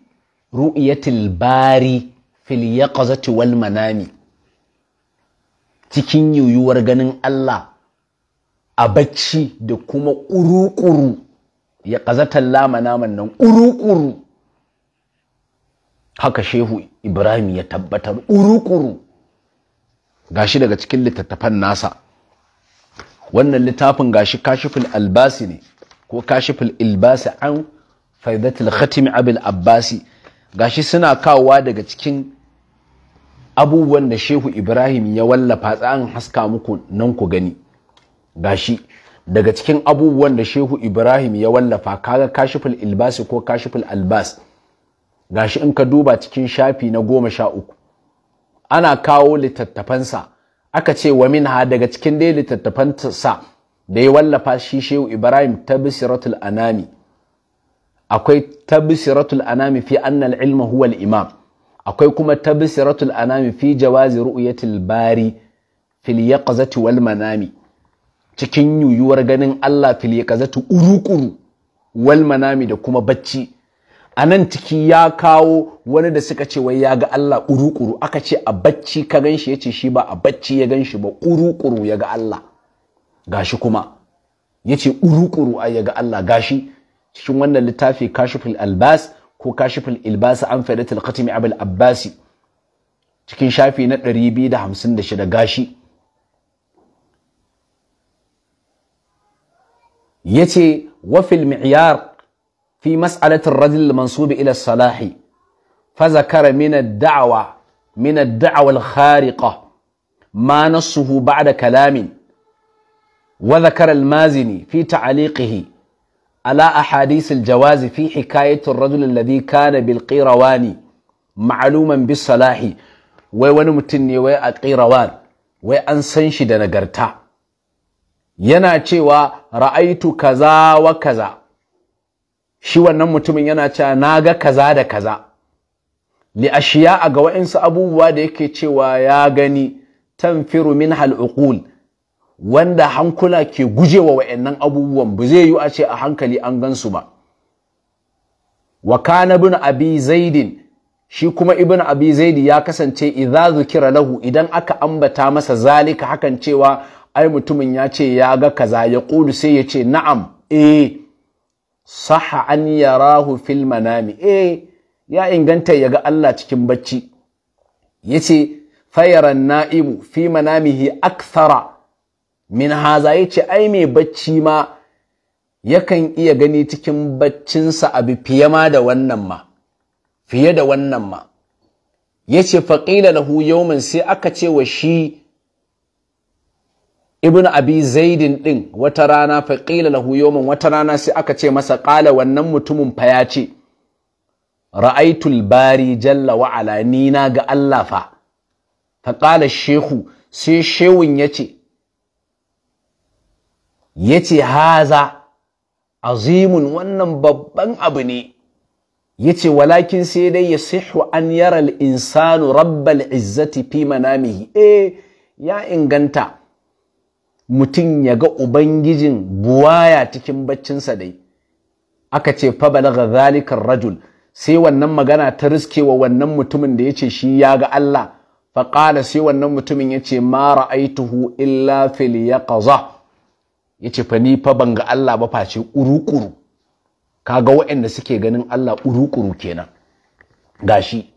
ru'yatil bari fil yaqazati wal manami cikin yiwuwar ganin Allah a bacci da kuma ƙuruƙuru ya ƙazatar lama naman nan ƙuruƙuru haka shehu ibrahim ya tabbatar ƙuruƙuru gashi daga cikin littattafan nasa wannan littafin gashi kashiful albasi ne ko kashiful ilbasi an faidatul khatim abil abbasi gashi suna kawowa daga cikin abubuwan da shehu ibrahim ya wallafa tsarin haska muku nan ku gani gashi daga cikin abubuwan da shehu ibrahim ya wallafa kaga kashiful ilbasi ko kashiful albas gashi in ka duba cikin shafi na goma sha uku ana kawo littattafansa aka ce wa minha daga cikin dai littattafan sa da ya wallafa shi shehu ibrahim tabsiratul anami akwai tabsiratul anami fi anna al-ilma huwa al-imam akwai kuma tabsiratul anami fi jawazi ru'yatil bari fil yaqzati wal manami cikin yuyuwar ganin Allah fil yaqzati urukuru wal manami da kuma bacci a nan ciki ya kawo wani da suka ce wai ya ga Allah ƙuru-ƙuru aka ce a bacci ka gan shi ya ce shi ba a bacci ya gan shi ba ƙuru-ƙuru ya ga Allah gashi kuma ya ce ƙuru-ƙuru a ya ga Allah gashi cikin wannan littafi kashiful albas ko kashiful ilbasa an fadatul khatimi abul abbasi cikin shafi na 256 gashi yace wafil mi'yar في مسألة الرجل المنصوب إلى الصلاح فذكر من الدعوة من الدعوة الخارقة ما نصه بعد كلام وذكر المازني في تعليقه على أحاديث الجواز في حكاية الرجل الذي كان بالقيروان معلوما بالصلاح ويونمتني ويقيروان وأنسنشد نقرتا ينا تشيوا رأيت كذا وكذا shi wannan mutumin yana cewa na ga kaza da kaza li ashiya a ga wa'insu abubuwa da yake cewa ya gani tanfiru min hal'uqul wanda hankula ke guje wa wa'annan abubuwan ba zai yi a ce a hankali an gan su ba wa kana ibn abi zaidin shi kuma ibn abi zaidi ya kasance idza zukira lahu idan aka ambata masa zalika hakan cewa ai mutumin ya ce ya ga kaza ya qulu sai ya ce na'am eh saha an yarahu fil manami eh ya inganta ya ga Allah cikin bacci yace fayaran na'imu fi manamihi akthara min haza yace ai mai bacci ma yakan iya gani cikin baccinsa abu fiye ma da wannan ma fiye da wannan ma yace faqila lahu yawman sai aka ce wa shi ibn abi zaidin din wata rana fa qila lahu yawman wata rana sai aka ce masa qala wannan mutumin fa ya ce ra'aitul bari jalla wa ala ni na ga Allah fa fa qala shehu sai shehun yace yace haza azimun wannan babban abu ne yace walakin sai dai yasihu an yara al-insanu rabbal izzati fi manamihi eh ya inganta mutum ya ga ubangijin buwaya cikin baccinsa dai aka ce fa balagha zalikar rajul sai wannan magana ta riskewa wannan mutumin da ya ce shi ya ga Allah faƙala sai wannan mutumin ya yace ma ra'aituhu illa fil Ya ce fa ni fa ban ga Allah ba face urukuru ga waɗanda suke ganin Allah urukuru kenan gashi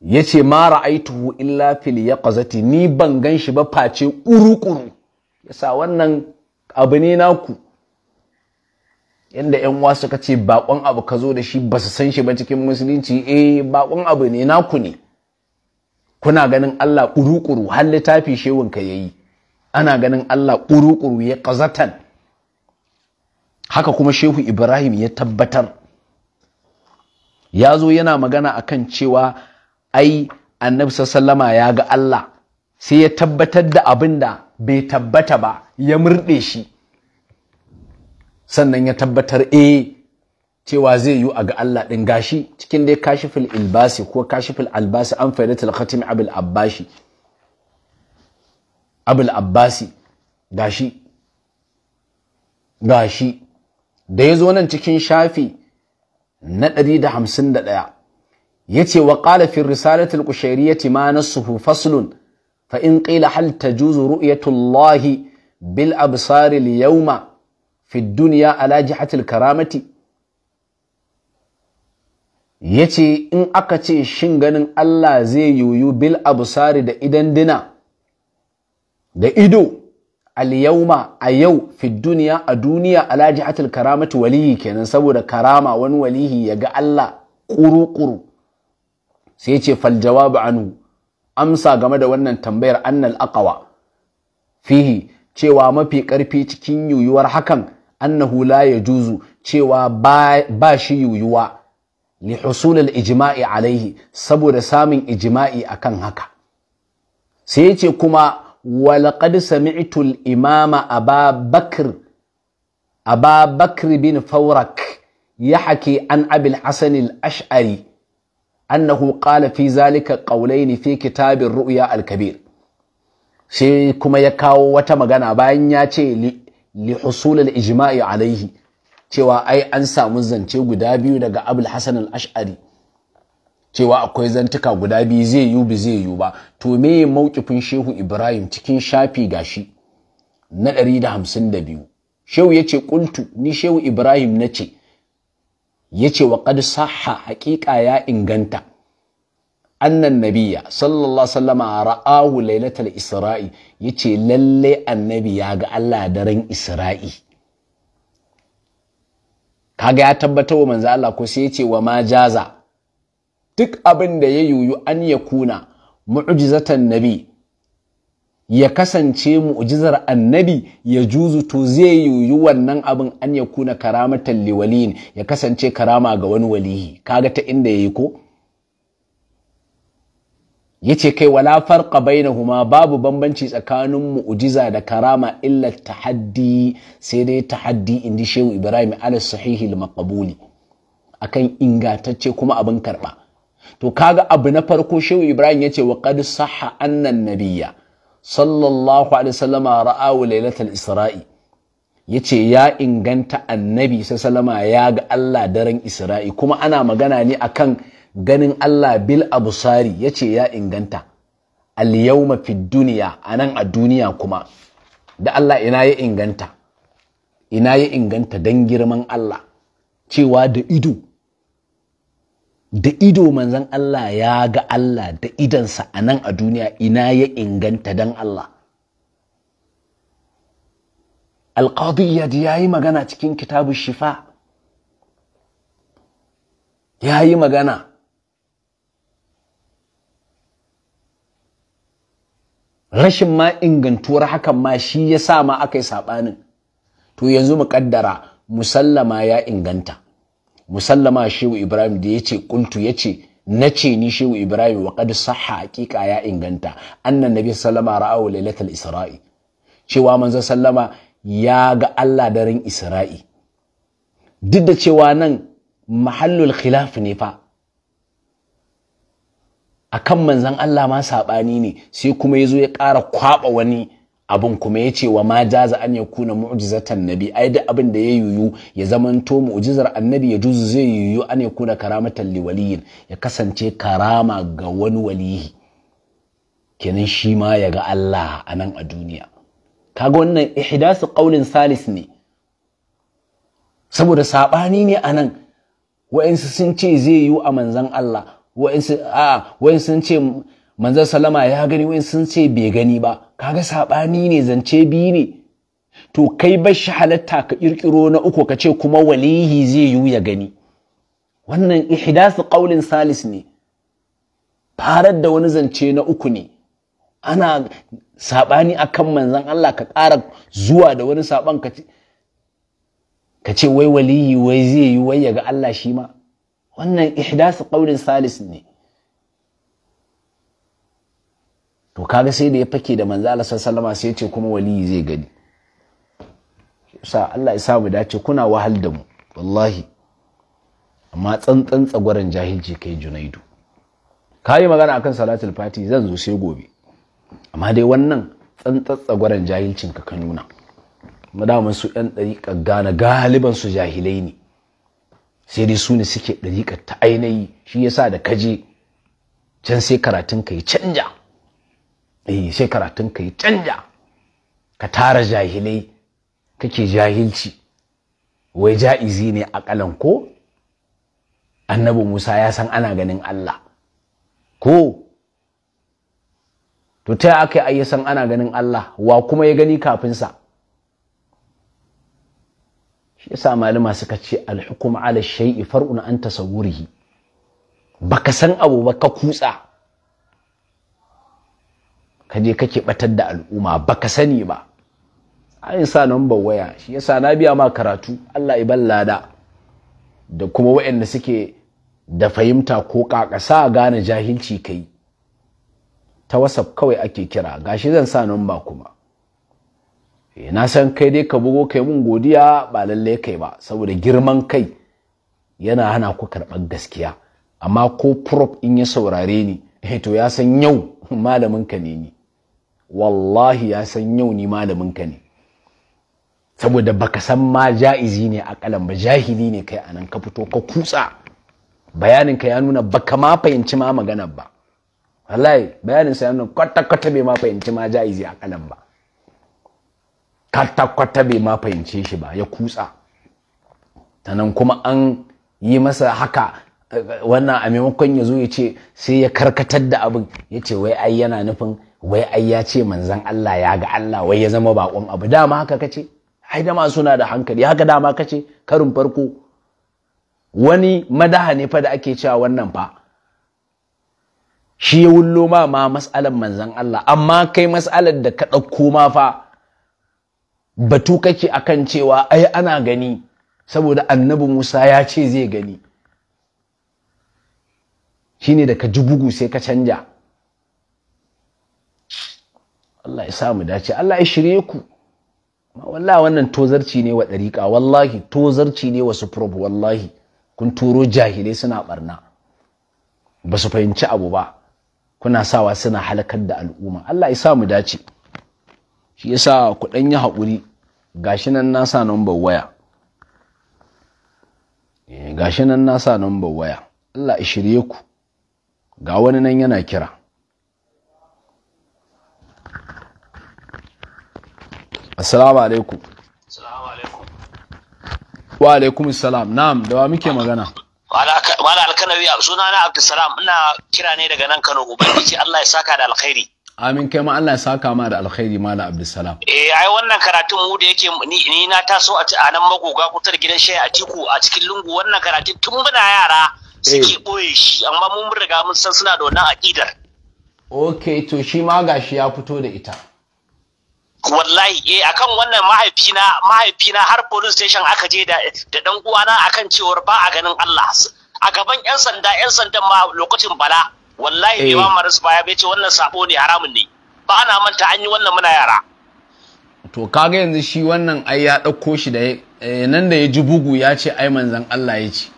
Ya yace ma ra'aituhu illa fil yaqzati ni ban gan shi ba face urukuru yasa wannan abu ne naku yadda yan uwa suka ce bakon abu ka zo da shi ba su san shi ba cikin musulunci e, eh, bakon abu ne naku ne kuna ganin Allah ƙuruƙuru har littafi shewinka ya yi ana ganin Allah ƙuruƙuru ya ƙazatan haka kuma shehu ibrahim ya tabbatar ya zo yana magana akan cewa ai annabi sallama ya ga Allah sai ya tabbatar da abin da bai tabbata ba ya murɗe shi sannan ya tabbatar e cewa zai yi a ga Allah ɗin gashi cikin dai kashifin ilbasi ko kashifin albasi an faidatul khatim abul abbashi abul abbasi gashi gashi da ya zo nan cikin shafi na 151 yace wa qala fi risalatil qushairiyyati ma nasuhu faslun fa in qila hal tajuzu ru'yatullahi bil absari al yawma fi ad-dunya ala jihati al karamati yace in aka ce shin ganin Allah zai yuyu bil absari da idan dina da ido al yawma a yau fi duniya a duniya ala jihatil karamati waliyi kenan saboda karama wani waliyi ya ga Allah kuru-kuru sai ce fal jawabu anhu amsa game da wannan tambayar annal aqwa fihi cewa mafi ƙarfi cikin yuyuwar hakan annahu la yajuzu cewa ba shi yuyuwa li husulil ijma'i alaihi saboda samun ijma'i akan haka sai yace kuma walaqad sami'tu al-imama Aba Bakr Aba Bakr bin Fawrak yahki an Abil Hasan al-Ash'ari annahu qala fi zalika qawlaini fi kitabin ru'ya al-kabir sai kuma ya kawo wata magana bayan ya ce li husul al-ijma'i alaihi cewa ai an samu zance guda biyu daga Abul Hasan al-Ash'ari cewa akwai zantuka guda biyu zai yiwu ba zai yiwu ba to me mauƙifin Shehu Ibrahim cikin shafi gashi na 152 Shehu yace qultu ni Shehu Ibrahim nace Ya ce wa ƙadu saha hakika ya inganta annan Nabiya sallallahu alaihi a ra'ahu lailatul isra'i ce lalle annabi ya ga Allah daren isra'i kaga ya tabbatar wa manzo Allah ko sai ce wa ma jaza duk abin da ya yuyu an ya kuna mu'jizatan nabi ya kasance mu'jizar annabi ya juzu to zai yiwu wannan abin an ya kuna karamatan liwaliyin ya kasance karama ga wani walihi kaga ta inda yayi ko yace kai wala farqa bainahuma babu bambanci tsakanin mu'jiza da karama illa tahaddi sai dai tahaddi indi shehu ibrahim ala sahihi al-maqbuli akan ingatacce kuma abin karba to kaga abu na farko shehu ibrahim yace wa qad sahha annan nabiyya sallallahu alaihi wasallama ra'awu lailatul isra'i yace ya inganta annabi sallama ya ga Allah daren isra'i kuma ana magana ne akan ganin Allah bil abusari yace ya inganta al yawma fid dunya anan a duniya kuma da Allah ina ya inganta ina ya inganta dan girman Allah cewa da ido da ido manzan Allah ya ga Allah da idansa a nan a duniya ina ya inganta dan Allah alƙadiyyar ya yi magana cikin kitabu shifa ya yi magana rashin ma ingantuwar hakan ma shi ya sa ma aka yi saɓanin to yanzu mu ƙaddara musallama ya inganta musallama shehu ibrahim da yace ce kuntu yace nace ni shehu ibrahim wa kad sahha haqiqa ya inganta annan nabi sallama ra'ahu lailatul isra'i cewa manzon sallama ya ga Allah daren isra'i duk da cewa nan mahallul khilaf ne fa akan manzan Allah ma sabani ne sai kuma yazo ya ƙara kwaba wani abin kuma ya ce wa ma jaza an ya kuna mu'jizatan nabi ai da abin da ya yuyu ya zamanto mu'ujizar annabi ya juzu zai yuyu an ya kuna karamatan liwaliyin ya kasance karama ga wani walihi kenan shi ma ya ga Allah anan a duniya kaga wannan ihdasu qaulin salis ne saboda sabani ne anan, nan sun ce zai yiwu a manzan Allah wa'insu a sun ce manzan salama ya gani wani sun ce bai gani ba kaga saɓani ne zance biyu ne to kai ba shi halatta ka ƙirƙiro na uku ka ce kuma walihi zai yiwu ya gani wannan ihdasu ƙaunin salis ne farar da wani zance na uku ne ana saɓani akan manzan Allah ka ƙara zuwa da wani saɓan ka ce wai waliyi wai zai yi wai ga Allah shi ma wannan ihdasu ƙaunin salis ne to kaga sai da ya fake da manzo Allah sallallahu sai ya ce kuma wali zai gani sa Allah ya sa mu dace kuna wahal da mu wallahi amma tsantsan tsagwaran jahilci kai Junaidu kayi magana akan salatul fati zan zo sai gobe amma dai wannan tsantsan tsagwaran jahilcin ka ka nuna madaman su yan dariƙa gane galiban su jahilai ne sai dai su ne suke dariƙa ta ainihi shi yasa da kaje can sai karatun ka ya canja eh sai karatun ka yi canja ka tara jahilai kake jahilci wai ja'izi ne akalan ko annabi Musa ya san ana ganin Allah ko to ta aka yi san ana ganin Allah wa kuma ya gani kafinsa shi yasa malama suka ce alhukum ala shay'i far'un an tasawwurihi baka san abu ba ka kutsa ka je kake batar da al'umma baka sani ba an sa number waya shi yasa na biya ma karatu Allah ya ban lada da kuma waɗanda suke da fahimta ko ƙaƙasa gane jahilci kai ta wasap kawai ake kira gashi zan sa number kuma eh, na san kai dai ka bugo kai mun godiya ba lallai kai ba saboda girman kai yana hana ku karɓar gaskiya amma ko prof in ya saurare ni eh, to ya san yau malamin ka ne ni wallahi ya san yau ni malaminka ne saboda baka san ma ja'izi ne a kalan ba jahili ne kai anan ka fito ka kutsa bayanin ka ya nuna baka ma fahimci ma magana ba wallahi bayanin sa ya nuna kwata kwata bai ma fahimci ma ja'izi a kalan ba kwata kwata bai ma fahimce shi ba ya kutsa tanan kuma an yi masa haka eh, wannan a maimakon ya zo ya ce sai ya karkatar da abin ya ce wai ai yana nufin wai ai ya ce manzan Allah ya ga Allah wai ya zama baƙon abu dama haka kace ai dama suna da hankali haka dama kace karin farko wani madaha ne fa da ake cewa wannan fa shi ya wullo ma ma mas'alan manzan Allah amma kai mas'alar da ka ɗauko ma fa batu kake akan cewa ai ana gani saboda annabi Musa ya ce zai gani shine da ka ji bugu sai ka canja Allah ya samu dace Allah ya shirye ku wallahi wannan tozarci ne wa dariqa wallahi tozarci ne wa suprob wallahi kun turo jahilai suna barna ba su fahimci abu ba kuna sawa suna halakar da al'umma Allah ya samu dace shi yasa ku ɗan yi haƙuri gashi nan na sa number waya eh, gashi nan na sa number waya Allah ya shirye ku ga wani nan yana kira assalamu alaikum wa alaikum salam na'am da wa muke magana Wala alkanawi suna na abdulsalam ina kira ne daga nan kano ubangiji allah ya saka da alkhairi amin kai ma allah ya saka ma da alkhairi na abdulsalam eh ai wannan karatun mu da yake ni na taso a nan magoga kutar gidan shay a tiku a cikin lungu wannan karatun tun muna yara suke boye eh. shi amma mun riga mun san suna da wannan aƙidar okay to shi ma gashi ya fito da ita wallahi eh akan wannan mahaifina mahaifina har police station aka je da ɗan dan uwana akan cewa, ba a ganin Allah a gaban yan sanda yan sandan ma lokacin bala wallahi eh. imam maris ba bai ce wannan sabo ne haramun ne ba ana manta an yi wannan muna yara to kaga yanzu shi wannan ai ya dauko shi da eh, nan da ya ji bugu ya ce ai manzon Allah ya ce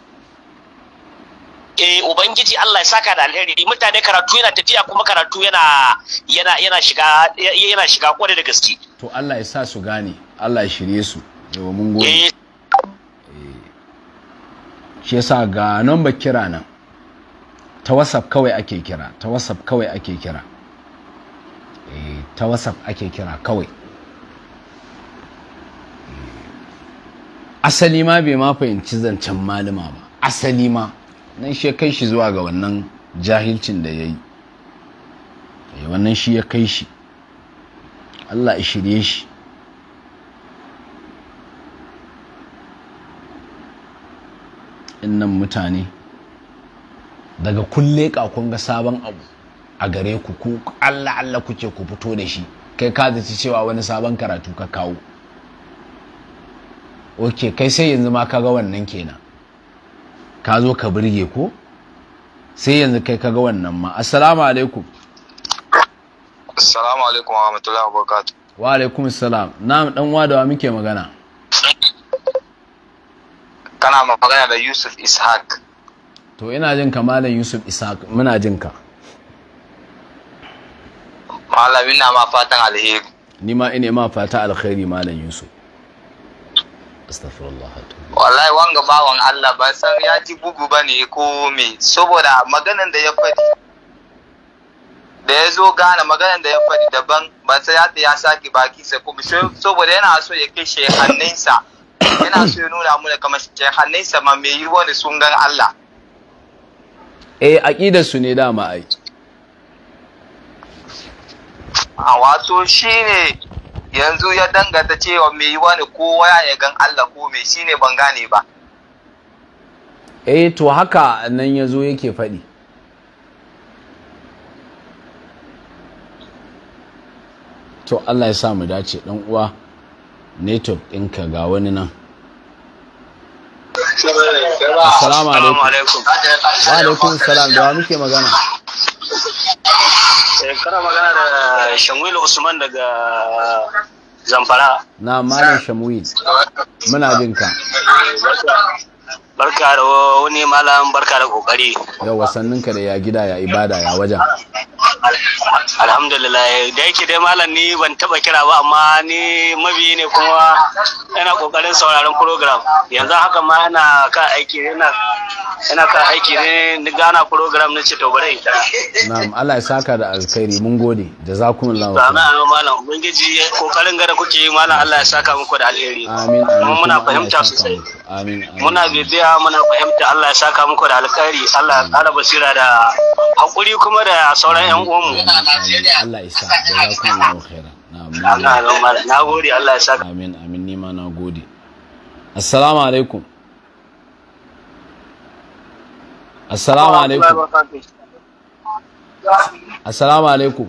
eh ubangiji Allah ya saka da alheri mutane karatu yana tafiya kuma karatu yana yana yana shiga yana shiga kwarai da gaske to Allah ya sa su gane Allah ya shirye su yau mun gode eh. eh shi yasa ga number kira nan ta WhatsApp kawai ake kira ta WhatsApp kawai ake kira eh ta WhatsApp ake kira kawai eh. asali ma bai ma fahimci zancen malama ba asali ma nan shi ya kai shi zuwa ga wannan jahilcin da ya yi eh, wannan shi ya kai shi allah ya shirye shi innan mutane daga kulle kun ga sabon abu a gare ku ku allah allah kuke ku fito da shi kai ka zaci cewa wani sabon karatu ka kawo ok kai sai yanzu ma ka ga wannan kenan ka zo ka birge ko sai yanzu kai kaga wannan ma assalamu alaikum assalamu alaikum wa rahmatullahi wa barakatuh wa alaikum assalam na dan wadawa muke magana kana magana da Yusuf Ishaq to ina jin ka malam Yusuf Ishaq muna jin ka malam na ma fatan alheri ni ma ina ma fata alheri malam Yusuf astaghfirullah wallahi wanga bawan Allah ba san ya ji bugu ba ne ko me saboda maganan da ya faɗi da ya zo gane maganan da ya faɗi daban ba sai ya ya saki baki sa kuma saboda yana so ya kai shehanninsa yana so ya nuna mu da kamar shehanninsa ma me yi wani sun gan Allah eh aqidar su ne dama ai a wato shine yanzu ya danganta cewa me yi wani kowa ya gan Allah ko me shine ban gane ba eh to haka nan ya zo yake faɗi to Allah ya sa mu dace dan uwa network ɗinka ga wani nan Assalamu alaikum. Wa alaikum salam da muke magana. Eh, kana magana da Shamwilu Usman daga zamfara na malam shamuyi muna jinka eh, barka da wani malam barka da kokari yau wasannin ka da ya gida ya ibada ya wajen alhamdulillah da yake dai malam ni ban taba kira ba amma ni mabi ne kuma ina kokarin sauraron program yanzu haka ma ina ka aiki ina ina ka aiki ne ni gana program na ce to bare ita na'am Allah ya saka da alkhairi mun gode jazakumullahu khairan na'am malam ubangiji kokarin ga da kuke malam Allah ya saka muku da alheri amin muna fahimta sosai amin muna bibiya muna fahimta Allah ya saka muku da alkhairi Allah ya ƙara basira da hakuri kuma da sauran yan mu Allah ya sa da ku mu khaira na gode Allah ya saka amin amin nima na gode assalamu alaikum assalamu alaikum assalamu alaikum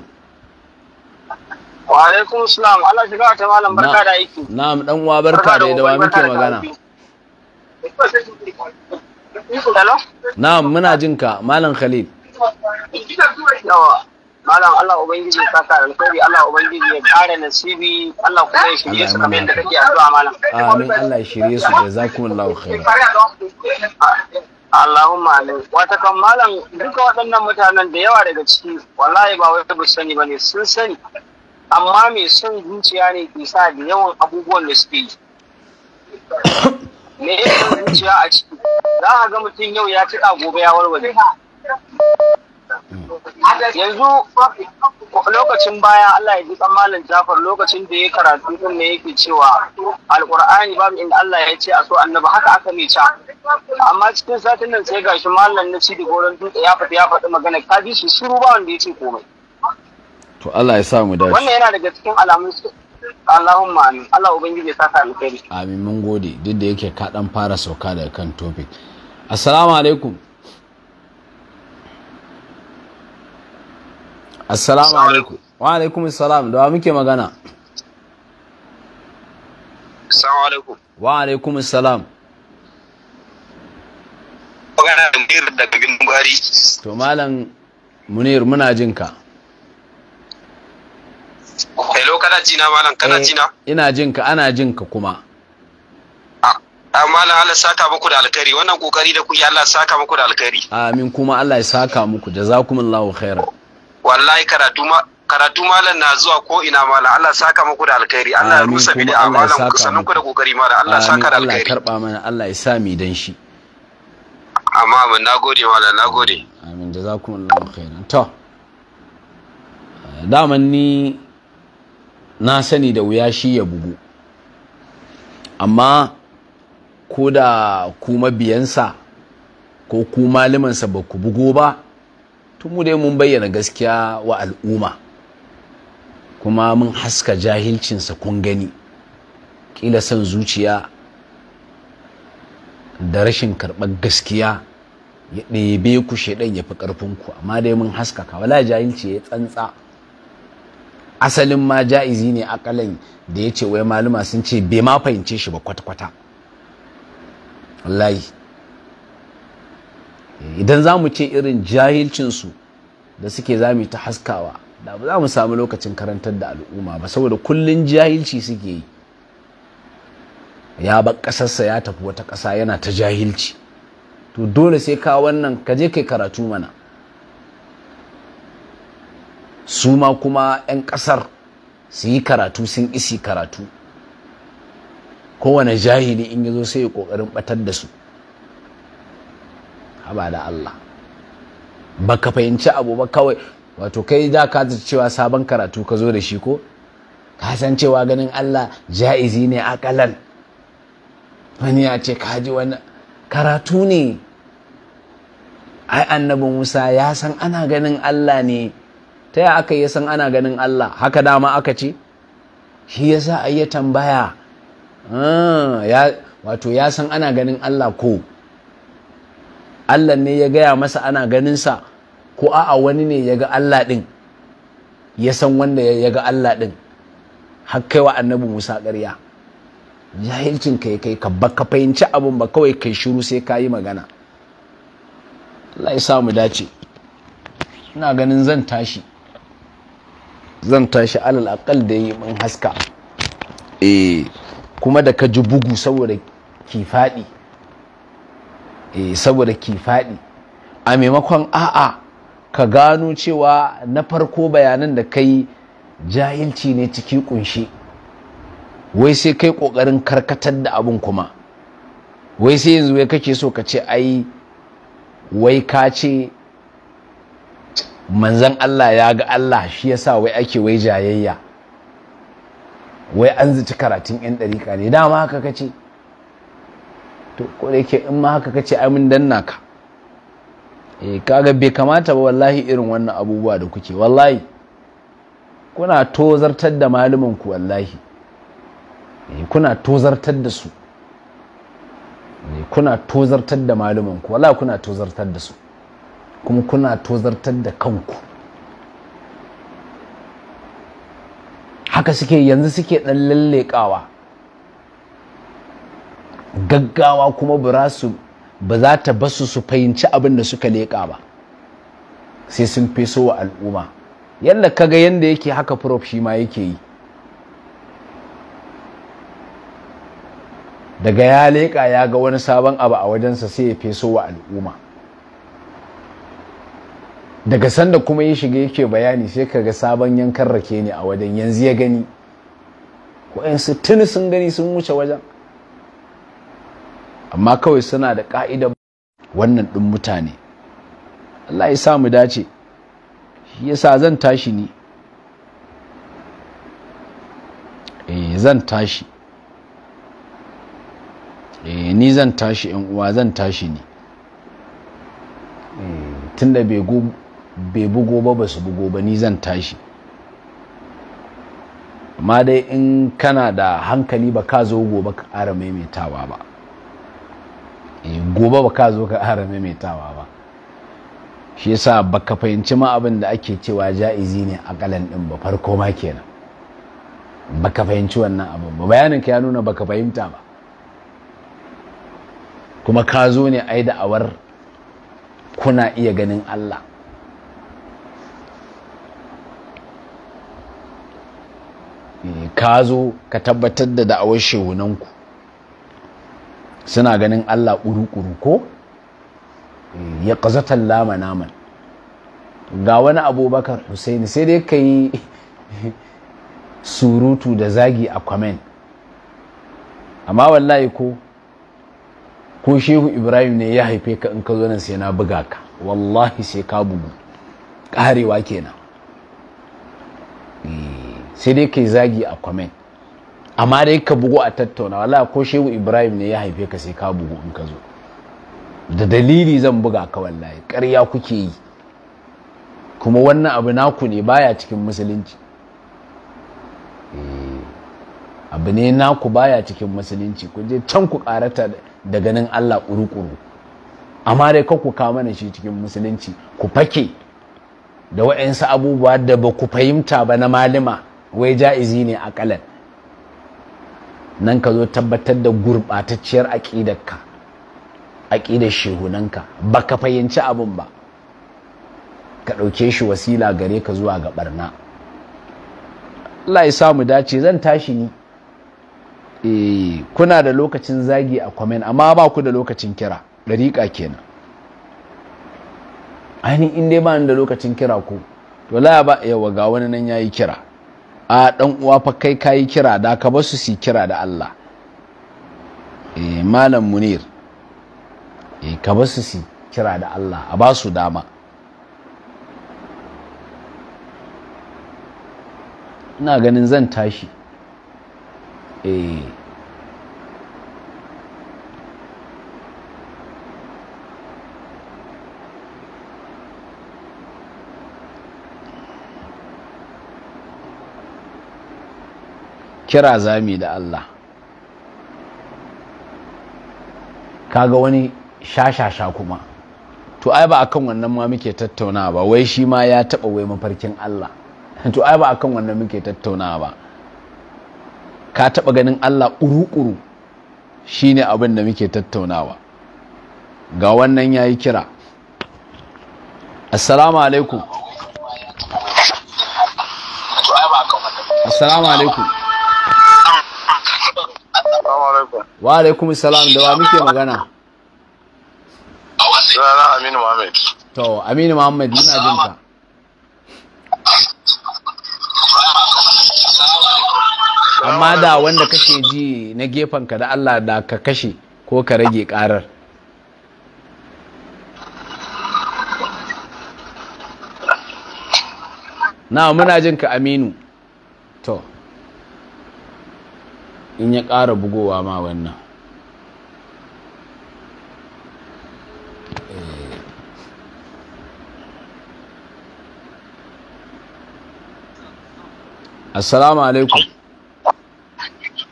wa alaikum salam Allah shiga ta malam barka da aiki na'am dan uwa barka da da wa muke magana Na'am muna jin ka Malam Khalil. Malam Allah Ubangiji ya saka alkhairi Allah Ubangiji ya ƙara nasibi Allah kuma ya shirye su kamar yadda kake addu'a malam. Amin Allah ya shirye su jazakumullahu khairan. Allahumma amin. Wata kan malam duka waɗannan mutanen da yawa daga ciki wallahi ba wai ba sani bane sun sani amma mai son zuciya ne ke sa da yawan abubuwan da suke yi. me ya zuciya a ciki za a ga mutum yau ya tiɗa gobe ya warware yanzu lokacin baya Allah ya ji tsammanin jafar lokacin da ya karatu din ne yake cewa alkur'ani babu inda Allah ya ce a so annabi haka aka mai ca amma cikin satin nan sai gashi mallan na ci da dutse ya faɗi ya faɗi magana ka ji shi shiru ba wanda ya ce komai to Allah ya sa mu dace wannan yana daga cikin alamun Allahumma amin Allah ubangiji saka alkhairi amin mun gode duk da yake ka dan fara sauka daga kan topic assalamu alaikum assalamu alaikum wa alaikum assalam da muke magana assalamu alaikum wa alaikum assalam magana da daga gindin gwari to malam munir muna jinka ana jina malam kana eh, jina ina jin ka ana jin ka kuma a malam Allah saka muku da alkhairi wannan kokari da kuke Allah saka muku da alkhairi amin kuma Allah ya saka muku jazakumullahu khairan wallahi karatu ma karatu malam na zuwa ko ina malam Allah saka muku da alkhairi Allah ya rusa bi da malam sanin ku da kokari malam Allah saka da alkhairi Allah ya karba mana Allah ya sa mi dan shi amma mun nagode malam nagode amin jazakumullahu khairan to eh, daman ni na sani da wuya shi ya bugu amma ko da ku mabiyansa ko ku malamansa ba ku bugu ba tun mu dai mun bayyana gaskiya wa al'umma kuma mun haska jahilcinsa kun gani kila son zuciya da rashin karɓar gaskiya ya ɗebe ku shaidan ya fi ƙarfinku amma dai mun haskaka wala jahilci ya tsantsa asalin ma ja'izi ne akalan da ya ce wai maluma sun ce bai ma fahimce shi ba kwata-kwata wallahi eh, idan za mu ce irin jahilcinsu da suke za mu ta haskawa da ba za mu samu lokacin karantar da al'umma ba saboda kullun jahilci suke yi ya bar ƙasarsa ya tafi wata ƙasa yana ta jahilci to dole sai ka wannan ka je kai karatu mana su ma kuma 'yan ƙasar su yi karatu sun isi karatu kowane jahili in ya zo sai ya ƙoƙarin batar da su haba da Allah ba ka fahimci abu ba kawai wato kai da ka cewa sabon karatu ka zo da shi ko ka san cewa ganin Allah ja'izi ne akalan wani ya ce ka ji wani karatu ne ai annabi Musa ya san ana ganin Allah ne ta ya aka yi san ana ganin Allah haka dama aka ce shi ya sa ah, ya tambaya wato ya san ana ganin Allah ko Allah ne ya gaya masa ana ganinsa ko a'a wani ne ya ga Allah ɗin ya san wanda ya ga Allah ɗin har wa annabi Musa ƙarya jahilcin kai kai ka baka fahimci abin ba kawai kai shiru sai ka yi magana Allah ya sa mu dace ina ganin zan tashi zan tashi alal akal da yi min haska eh kuma da ka ji bugu saboda kifaɗi eh saboda kifaɗi a maimakon a'a ka gano cewa na farko bayanan da kai jahilci ne ciki kunshi wai sai kai ƙoƙarin karkatar da abin kuma wai sai yanzu wai kake so ka ce ai wai ka ce manzan Allah ya ga Allah shi ya sa wai ake wai jayayya wai an zici karatun yan ɗariƙa ne dama haka kace to ko da yake in ma haka kace ai mun danna ka eh kaga bai kamata ba wallahi irin wannan abubuwa da kuke wallahi kuna tozartar da malumin ku wallahi eh kuna tozartar da su eh, kuna tozartar da malumin ku wallahi kuna tozartar da su kuma kuna tozartar da kanku haka suke yanzu suke ɗan lallekawa gaggawa kuma ba ba za ta basu su fahimci abin da suka leƙa ba sai sun feso wa al'umma yadda kaga yadda yake haka prof shi ma yake yi daga ya leƙa ya ga wani sabon abu a wajensa sai ya feso wa al'umma daga sanda kuma ya shiga yake bayani sai kaga sabon yankan rake ne a wajen yanzu ya gani waɗansu tuni sun gani sun wuce wajen amma kawai suna da ƙa'ida wannan ɗin mutane Allah ya sa mu dace shi yasa zan tashi ni eh zan tashi eh ni zan tashi uwa zan tashi ni eh, tunda bai bai bugo ba ba su bugo ba ni zan tashi amma dai in kana da hankali ba ka zo gobe ka ƙara maimaitawa ba eh, gobe ba ka zo ka ƙara maimaitawa ba shi yasa ka fahimci ma abin da ake cewa ja'izi ne a kalan ɗin ba farko ma kenan Ba ka fahimci wannan abin ba bayanin ka ya nuna ba ka fahimta ba kuma ka zo ne ai awar kuna iya ganin Allah Mm, ka zo ka tabbatar da da'awar shehunanku suna ganin Allah ƙuruƙuru ko mm, ya ƙazatar lama naman ga wani abubakar Hussaini sai dai ka yi surutu da zagi a kwamen amma wallahi ko ko shehu ibrahim ne ya haife ka in ka zo nan sai na buga ka wallahi sai ka bugu ƙarewa kenan mm. sai dai kai zagi a kwamen amma dai ka bugu a tattauna wala ko shehu ibrahim ne ya haife ka sai ka bugu in ka zo da dalili zan buga ka wallahi ƙarya kuke yi kuma wannan abu naku ne baya cikin musulunci eh, abu ne naku baya cikin musulunci ku je can ku karata da ganin Allah ƙuruƙuru amma dai ku kama mana shi cikin musulunci ku fake da waɗansu abubuwa da ba ku fahimta ba na malima wai ja'izi ne akalan nan ka zo tabbatar da gurɓatacciyar aƙidarka aƙidar shehunanka ba ka fahimci abin ba ka ɗauke shi wasila gare ka zuwa ga ɓarna Allah ya samu dace zan tashi ni e, kuna da lokacin zagi a kwamen amma ba ku da lokacin kira ɗariƙa kenan ainihin in dai ba da lokacin kira ko to la ba yawa ga wani nan ya yi kira a ɗan uwa fa kai ka yi kira da ka basu su kira da Allah eh malam munir E, ka basu su kira da Allah a ba su dama ina ganin zan tashi eh kira zami da Allah kaga wani shashasha kuma to ai ba akan wannan ma muke tattauna ba wai shi ma ya taba wai mafarkin Allah to ai ba akan wannan muke tattauna ba ka taba ganin Allah ƙuru-ƙuru shine abin da muke tattaunawa ga wannan yayi kira assalamu alaikum assalamu alaikum Wa alaikum salam da wa muke magana. Sunana Aminu Muhammad. To, Aminu Muhammad muna jin ka. Amma da wanda kake ji na gefen ka da Allah da ka kashe ko ka rage karar. Na muna jin ka Aminu. To. in ya ƙara bugowa ma wannan eh. assalamu alaikum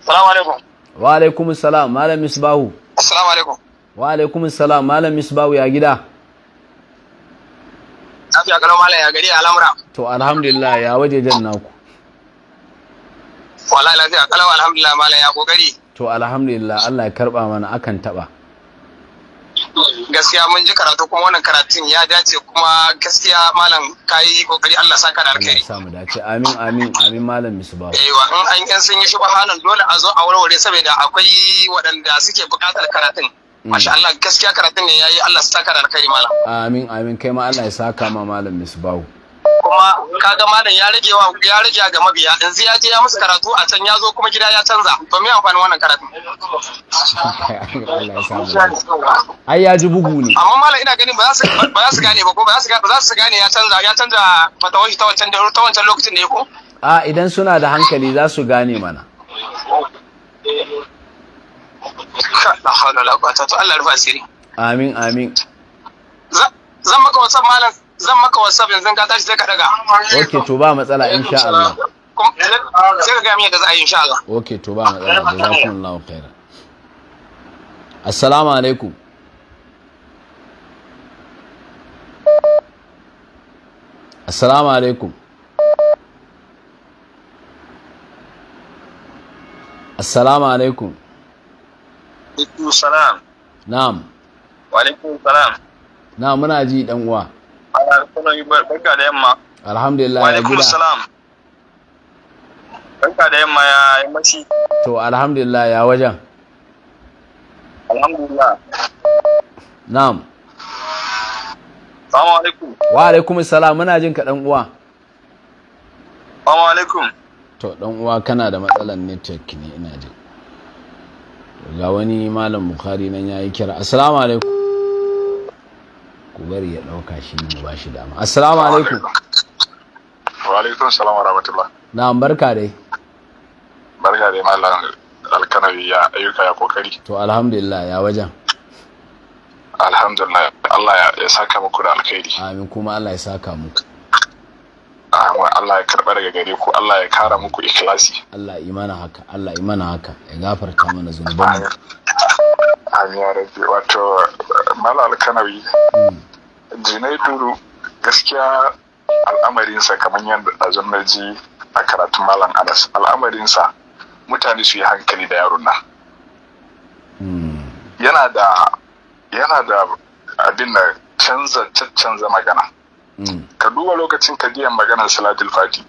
assalamu alaikum wa alaikum assalam malam misbahu assalamu alaikum wa alaikum assalam malam misbahu ya gida lafiya kalau malam ya gari al'amura to alhamdulillah ya waje jan naku Wala lafiya kalau alhamdulillah malam ya kokari. To alhamdulillah Allah ya karba mana akan taba. Gaskiya mun ji karatu kuma wannan karatun ya dace kuma gaskiya malam kai kokari Allah saka da alkhairi. mu dace amin amin amin malam misbahu. Eyewa in an yan sun yi subhanan dole a zo a warware saboda akwai waɗanda suke buƙatar karatun. Mm. Masha Allah gaskiya karatun ne yayi Allah saka da alkhairi malam. Amin amin kai ma Allah ya saka ma malam misbahu. kuma kaga malam ya rage wa ya rage ga mabiya yanzu ya je ya musu karatu a can ya zo kuma gida ya canza to me amfani wannan karatu ai ya ji bugu ne amma malam ina ganin ba za su ba za su gane ba ko ba za su ba za su gane ya canza ya canza fatawar ta wancan ta wancan lokacin ne ko a idan suna da hankali za su gane mana Allah rufa asiri amin amin zan maka wasan malam zan maka whatsapp yanzu ka tashi sai ka daga oke to ba matsala insha Allah sai ka ga miya yadda za a yi insha Allah oke to ba matsala Allah khairan assalamu alaikum assalamu alaikum assalamu alaikum alaikum salam na'am wa alaikum salam na muna ji dan uwa Ana kuna yi barka da yamma. Alhamdulillah ya gida. salam. Barka da yamma ya mashi. To alhamdulillah ya wajen. Alhamdulillah. Na'am. Salamu alaikum. Wa alaikum salam muna jin ka dan uwa. Salamu alaikum. To dan uwa kana da matsalan network ne ina jin. Ga wani malam Bukhari nan yayi kira. Assalamu alaikum. ku ya dauka shi mu ba shi dama assalamu alaikum wa alaikum assalam wa rahmatullah na'am barka dai barka dai mallam alkanawi ya ayyuka ya kokari to alhamdulillah ya wajen alhamdulillah Allah ya saka muku da alkhairi amin kuma Allah ya saka muku Allah ya karɓa daga gare ku Allah ya kara muku ikhlasi Allah imana haka Allah imana haka ya gafarta mana zunubanmu amin ya rabbi wato malal alkanawi. Hmm. Jinaiduru gaskiya al'amarinsa kamar yadda ɗazun na ji a karatun malam anas al'amarinsa mutane su yi hankali da yaron na hmm. yana da yana da abin da canza canza magana hmm. ka duba lokacin ka kadiyan maganar salatul fati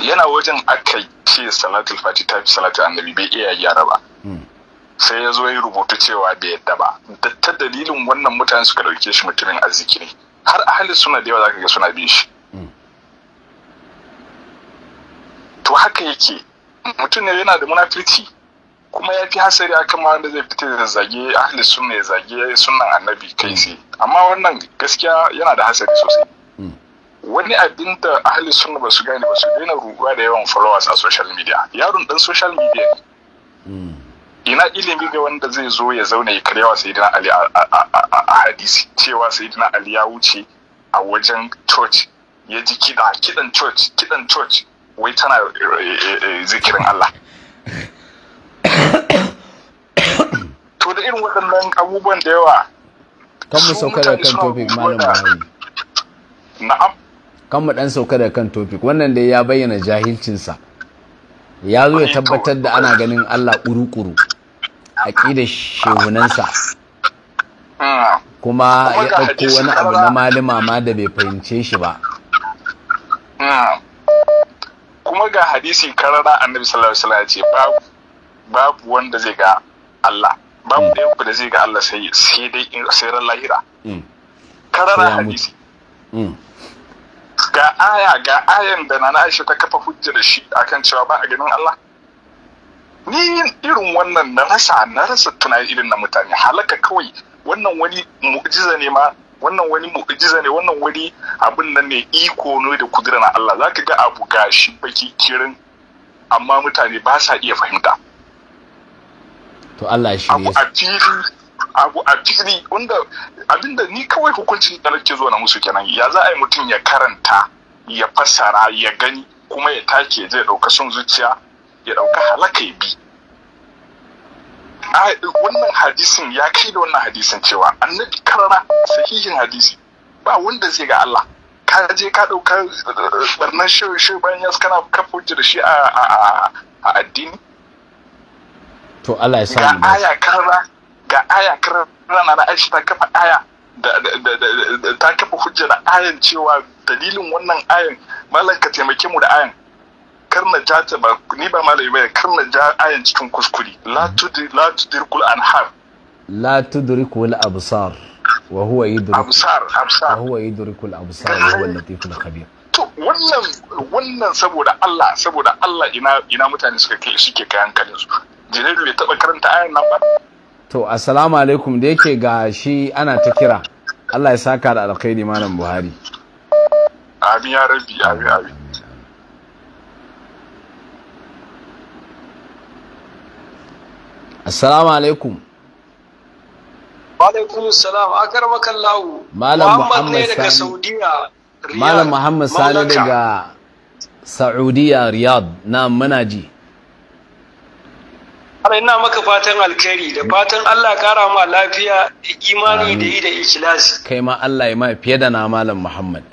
yana wajen aka ce salatul fati ta fi salatul annabi bai iya yara ba hmm. sai ya zo ya rubutu cewa bai yadda ba da ta dalilin wannan mutane suka dauke shi mutumin arziki ne har ahalin suna da yawa ka ga suna bin shi hmm. to haka yake mutum ne yana da munafirci kuma ya fi hasari akan ma wanda zai fita da zage ahalin suna ya zage sunan annabi kai hmm. sai amma wannan gaskiya yana da hasari sosai hmm. wani abin da ahli suna ba su gane ba su daina ruguwa da yawan followers a social media yaron dan social media ne ina ilimi ga wanda zai zo ya zauna ya karyawa sayidina ali a hadisi cewa sayidina ali ya wuce a wajen church ya ji kiɗa kiɗan church kiɗan church wai tana eh, eh, eh, zikirin Allah to da irin waɗannan abubuwan da yawa kan mu sauka da kan topic malam Buhari na'am kan mu dan sauka da kan topic wannan da ya bayyana jahilcinsa ya zo ya tabbatar da ana ganin Allah ƙuru-ƙuru. aƙidar shehunansa kuma ya ɗauko wani abu na malima ma da bai fahimce shi ba kuma ga hadisi karara annabi sallallahu alaihi wasallam ce babu babu wanda zai ga Allah babu da mm. yanku da zai ga Allah sai sai dai in sai ran lahira mm. karara hadisi mm. ga aya ga ayan da nana Aisha ta kafa hujjar shi akan cewa ba a ganin Allah ni yin irin wannan na rasa na rasa tunani irin na mutane halaka kawai wannan wani mu'jiza ne ma wannan wani mu'jiza ne wannan wani abin nan ne iko ne da kudura na Allah zaka ga abu gashi baki kirin amma mutane ba sa iya fahimta to Allah shi abu a fili abu a fili wanda abinda ni kawai hukuncin da nake zo na musu kenan ya za a yi mutum ya karanta ya fassara ya gani kuma ya take zai ɗauka son zuciya ya ɗauka halaka ya bi wannan hadisin ya kai da wannan hadisin cewa annabi karara sahihin hadisi ba wanda zai ga Allah ka je ka ɗauka eh, barnan shehu shehu bayan ya kana kafa hujjar shi a addini to Allah ya samu ga aya karara ga aya karara na Aisha ta kafa aya ta kafa hujjar ayan cewa dalilin wannan ayan malam ka taimake mu da ayan kar na ja ta ba ni ba malami ba kar na ja ayan cikin kuskure la tudrikul anhar la tudrikul absar wa huwa yudrik absar absar wa huwa yudrikul absar wa huwa latiful khabir to wannan wannan saboda Allah saboda Allah ina ina mutane suka kai suke kai hankalin su Janairu bai taba karanta ayan nan ba to assalamu alaikum da yake ga shi ana ta kira Allah ya saka da alkhairi malam Buhari amin ya rabbi amin amin assalamu alaikum alaikum salam akar lawo. malam muhammad Sani. malam muhammad sani daga saudiya riyadh na muna ji ina maka fatan alkhairi da fatan Allah kara ma lafiya da imani da yi da ikhlasi kai ma Allah ya ma fiye da na malam Muhammad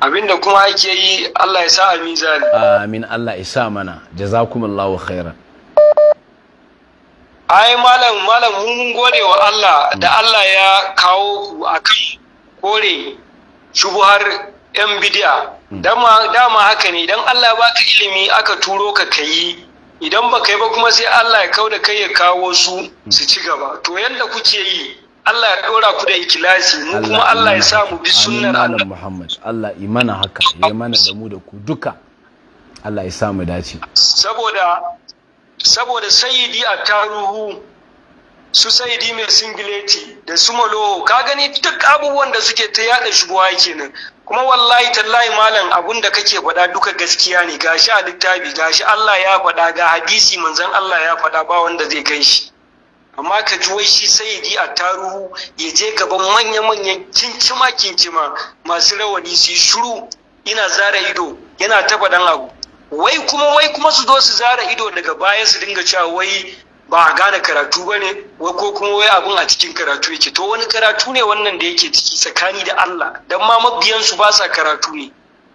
abinda kuma ake yi Allah ya sa a mizani amin Allah ya sa mana jazakumullahu khairan ai malam malam mun gode wa Allah da mm. Allah ya kawo ku akan kore shubuhar yan bidiya mm. dama dama haka ne idan Allah ya baka ilimi aka turo ka kayi idan baka yi ba kuma sai Allah ya kawo da kai ya kawo su mm. su ci gaba to yanda kuke yi Allah ya ɗora ku da ikilasi mu kuma Allah ya sa mu bi sunnar Allah Muhammad Allah imana haka ya mana da mu da ku duka Allah ya sa mu dace saboda saboda sayidi a taruhu su sayidi mai singileti da su malo ka gani duk abubuwan da suke ta yada shubuwa kenan kuma wallahi tallahi malam abun da kake faɗa duka gaskiya ne gashi a littafi gashi Allah ya faɗa ga hadisi manzon Allah ya faɗa ba wanda zai kai shi amma ka ji wai shi sayidi a taruhu ya je gaban manya-manyan kincima kincima masu rawani su shiru shuru ina zara ido yana ta faɗan abu wai kuma wai kuma su zo su zara ido daga baya su dinga cewa wai ba a gane karatu ba ne wai ko kuma wai abun a cikin karatu yake to wani karatu ne wannan da yake ciki tsakani da Allah dan ma mabiyansu ba sa karatu ne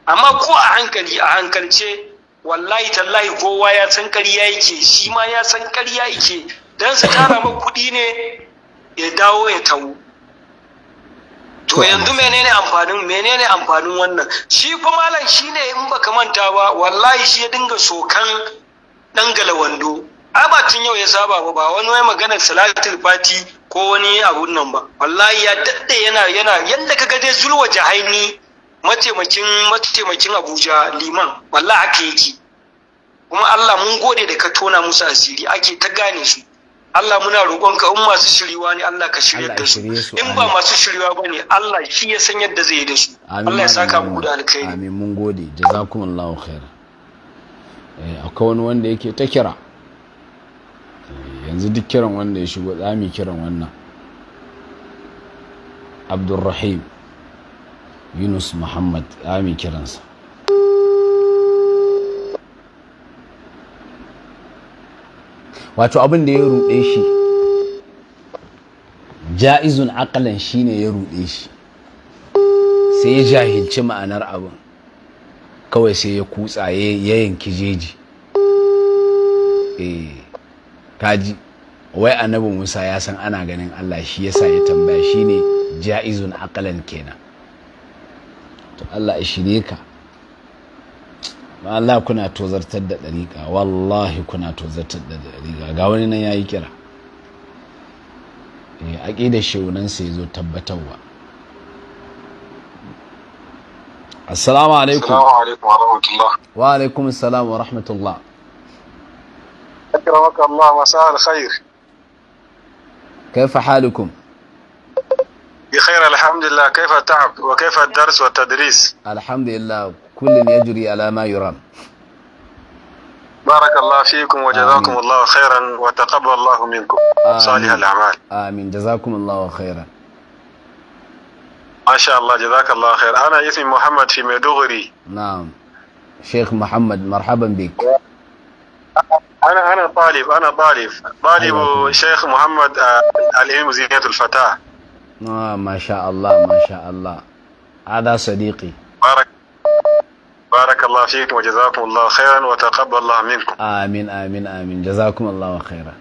amma ko a hankali a hankalce wallahi tallahi kowa ya san ƙarya yake shi ma ya san ƙarya yake dan su tara ma kuɗi ne ya dawo ya tawo to yanzu menene amfanin menene amfanin wannan shi fa malam shine in baka manta ba wallahi shi ya dinga sokan dan galawando tun yau ya saba ba ba wani wai maganar salatul fati ko wani abun nan ba wallahi ya dadde yana yana yanda kaga dai zulwa jahaini mataimakin mataimakin Abuja liman wallahi ake yi kuma Allah mun gode da ka tona musu asiri ake ta gane su Allah muna roƙonka in masu shiriwa ne Allah ka shirya da su in ba masu shiriwa ba ne Allah shi ya san yadda zai yi da su Allah ya saka mu da alkhairi amin mun gode jazakumullahu khair eh akwai wani wanda yake ta kira eh, yanzu duk kiran wanda ya shigo za mu kiran wannan Abdulrahim Yunus Muhammad za kiransa wato abin da ya ruɗe shi ja'izun akalan shine ya ruɗe shi sai ya jahilci ma'anar abin kawai sai ya kutsa ya yanki jeji eh kaji wai annabi musa ya san ana ganin allah shi yasa ya tambaya shine ja'izun akalan kenan to allah ya shirye ka Allah kuna tozartar da ɗariƙa wallahi kuna tozartar da ɗariƙa ga wani nan ya yi kira a ƙida shehunansa ya zo tabbatarwa assalamu alaikum wa alaikum assalam wa rahmatullah أكرمك الله مساء الخير كيف حالكم؟ بخير الحمد لله كيف التعب وكيف الدرس والتدريس؟ الحمد لله كل يجري على ما يرام بارك الله فيكم وجزاكم آمين. الله خيرا وتقبل الله منكم آمين. صالح الأعمال آمين جزاكم الله خيرا ما شاء الله جزاك الله خير أنا اسمي محمد في مدغري نعم شيخ محمد مرحبا بك أنا أنا طالب أنا طالب طالب أيوة. شيخ محمد آه، العلم زينة الفتاة آه ما شاء الله ما شاء الله هذا صديقي بارك بارك الله فيكم وجزاكم الله خيرا وتقبل الله منكم آمين آمين آمين جزاكم الله خيرا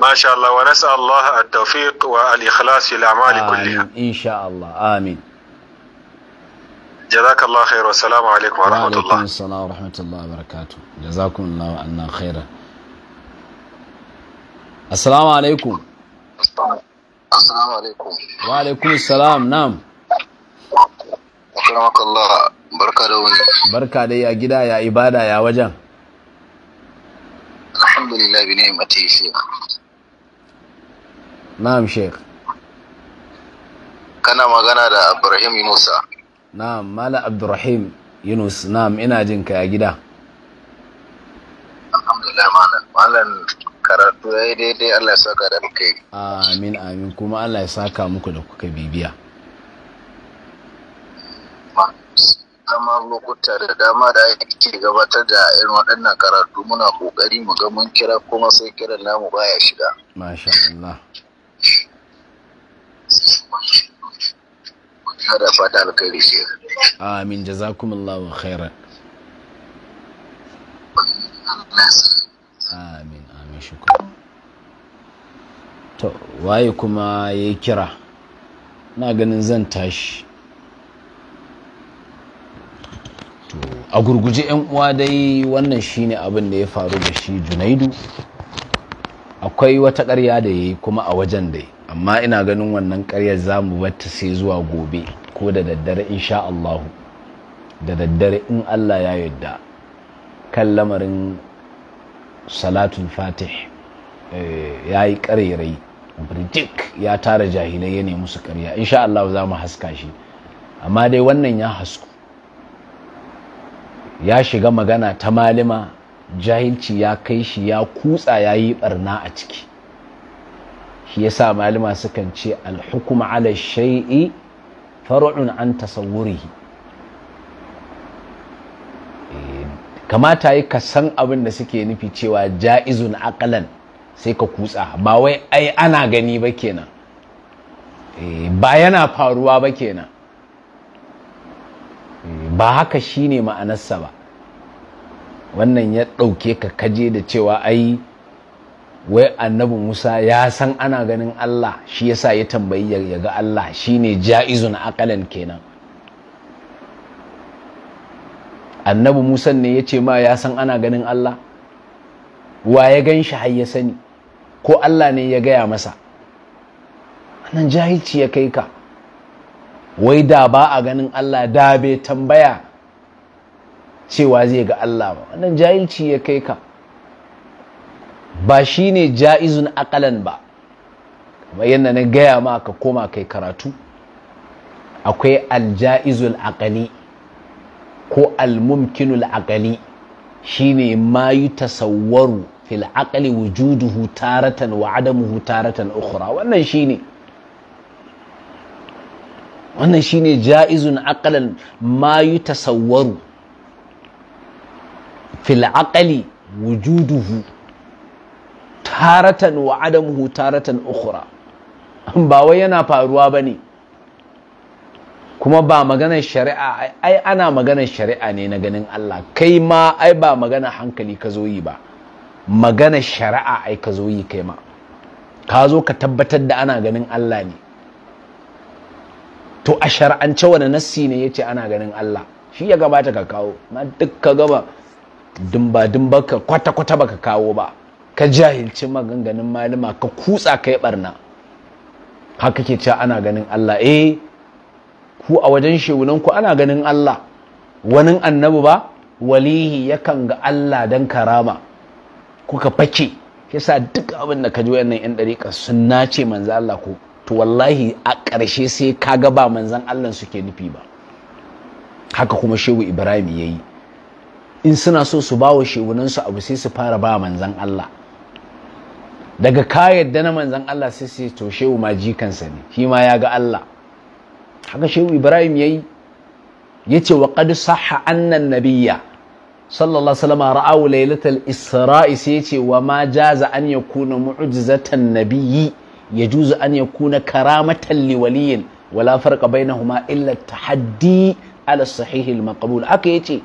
ما شاء الله ونسأل الله التوفيق والإخلاص في الأعمال آمين. كلها إن شاء الله آمين جزاك الله خير والسلام عليكم ورحمة الله وعليكم السلام ورحمة الله وبركاته جزاكم الله عنا خيرا السلام عليكم السلام عليكم وعليكم السلام نعم أكرمك الله barka da wani barka da ya gida ya ibada ya wajen alhamdulillah bi ni'mati sheikh na'am sheikh kana magana da Abdurrahim Yunusa ah? na'am mala Abdurrahim Yunus na'am ina jin ka ya gida alhamdulillah malam malam karatu yayi daidai Allah ya saka da kai amin amin kuma Allah ya saka muku da kuka bibiya zama lokuta da dama da ake gabatar da irin waɗannan karatu muna ƙoƙari mu ga mun kira kuma sai kiran namu baya shiga. Masha Allah. da fata alkhairi shi. Amin jazakumullahu khairan. Amin amin shukran. To waye kuma ya kira? Na ganin zan tashi. a gurguje 'yan uwa dai wannan shine abin da ya faru da shi junaidu akwai wata ƙarya da ya yi kuma a wajen dai amma ina ganin wannan ƙaryar za mu batta sai zuwa gobe ko da daddare insha Allahu da daddare in Allah ya yadda. kan lamarin salatul fatih eh, ya yi ƙarerai birjik ya tara jahilai ya nemi su ƙarya insha Allah za mu haska shi amma dai wannan ya hasku ya shiga magana ta malima jahilci ya kai shi ya kutsa ya yi barna a ciki shi yasa malima sukan ce alhukuma ala shay'i far'un an tasawwurihi eh, kamata yi ka san abin da suke nufi cewa ja'izun akalan sai ka kutsa ba wai ai ana gani ba kenan eh, ba yana faruwa ba kenan ba haka shi ne ma'anarsa ba wannan ya ɗauke ka kaje da cewa ai wai annabi musa ya san ana ganin allah shi yasa ya tambayi ya ga allah shi shine na akalan kenan annabi musa ne ya ce ma ya san ana ganin allah wa ya gan shi har ya sani ko allah ne ya gaya masa nan jahilci ya kai ka wai da ba a ganin Allah da bai tambaya cewa zai ga Allah ba wannan jahilci ya kai ka ba shi ne ja'izun akalan ba kamar yadda na gaya ma ka koma kai karatu akwai alja'izul akali ko almumkinul akali shine ma yi tasawwaru fil akali wujuduhu taratan wa adamuhu taratan ukhra wannan shine ne wannan shine ja'izun akalan ma yutasawwaru fil aqali wujuduhu taratan wa adamuhu taratan ukhra ba wai yana faruwa bane kuma ba maganar shari'a ai ana maganar shari'a ne na ganin Allah kai ma ai ba maganar hankali ka zo yi ba maganar shari'a ai ka zo yi kai ma ka zo ka tabbatar da ana ganin Allah ne to a shar'ance wani nassi ne yace ana ganin Allah shi ya gabata ka kawo ma duk ka gaba dumba dumba ka kwata kwata baka kawo ba ka jahilci maganganun malama ka kutsa kai barna haka ke cewa ana ganin Allah eh ku a wajen shegunan ku ana ganin Allah wani annabi ba walihi yakan ga Allah dan karama kuka fake yasa duk abin da ka ji wayannan yan dariƙa sun nace manzo Allah ko to wallahi a ƙarshe sai kaga ba manzan Allah suke nufi ba haka kuma shehu Ibrahim ya yi in suna so su ba wa shehunansu abu sai su fara ba manzan Allah daga ka yadda na manzan Allah sai sai to shehu ma jikansa ne shi ma ya ga Allah haka shehu Ibrahim ya yi ya ce wa qad sahha annan nabiyya sallallahu alaihi wasallam ra'awu lailatul isra'i sai ya ce wa ma jaza an yakuna mu'jizatan nabiyyi يجوز أن يكون كرامة لولي ولا فرق بينهما إلا tahaddi على الصحيح المقبول Aka yace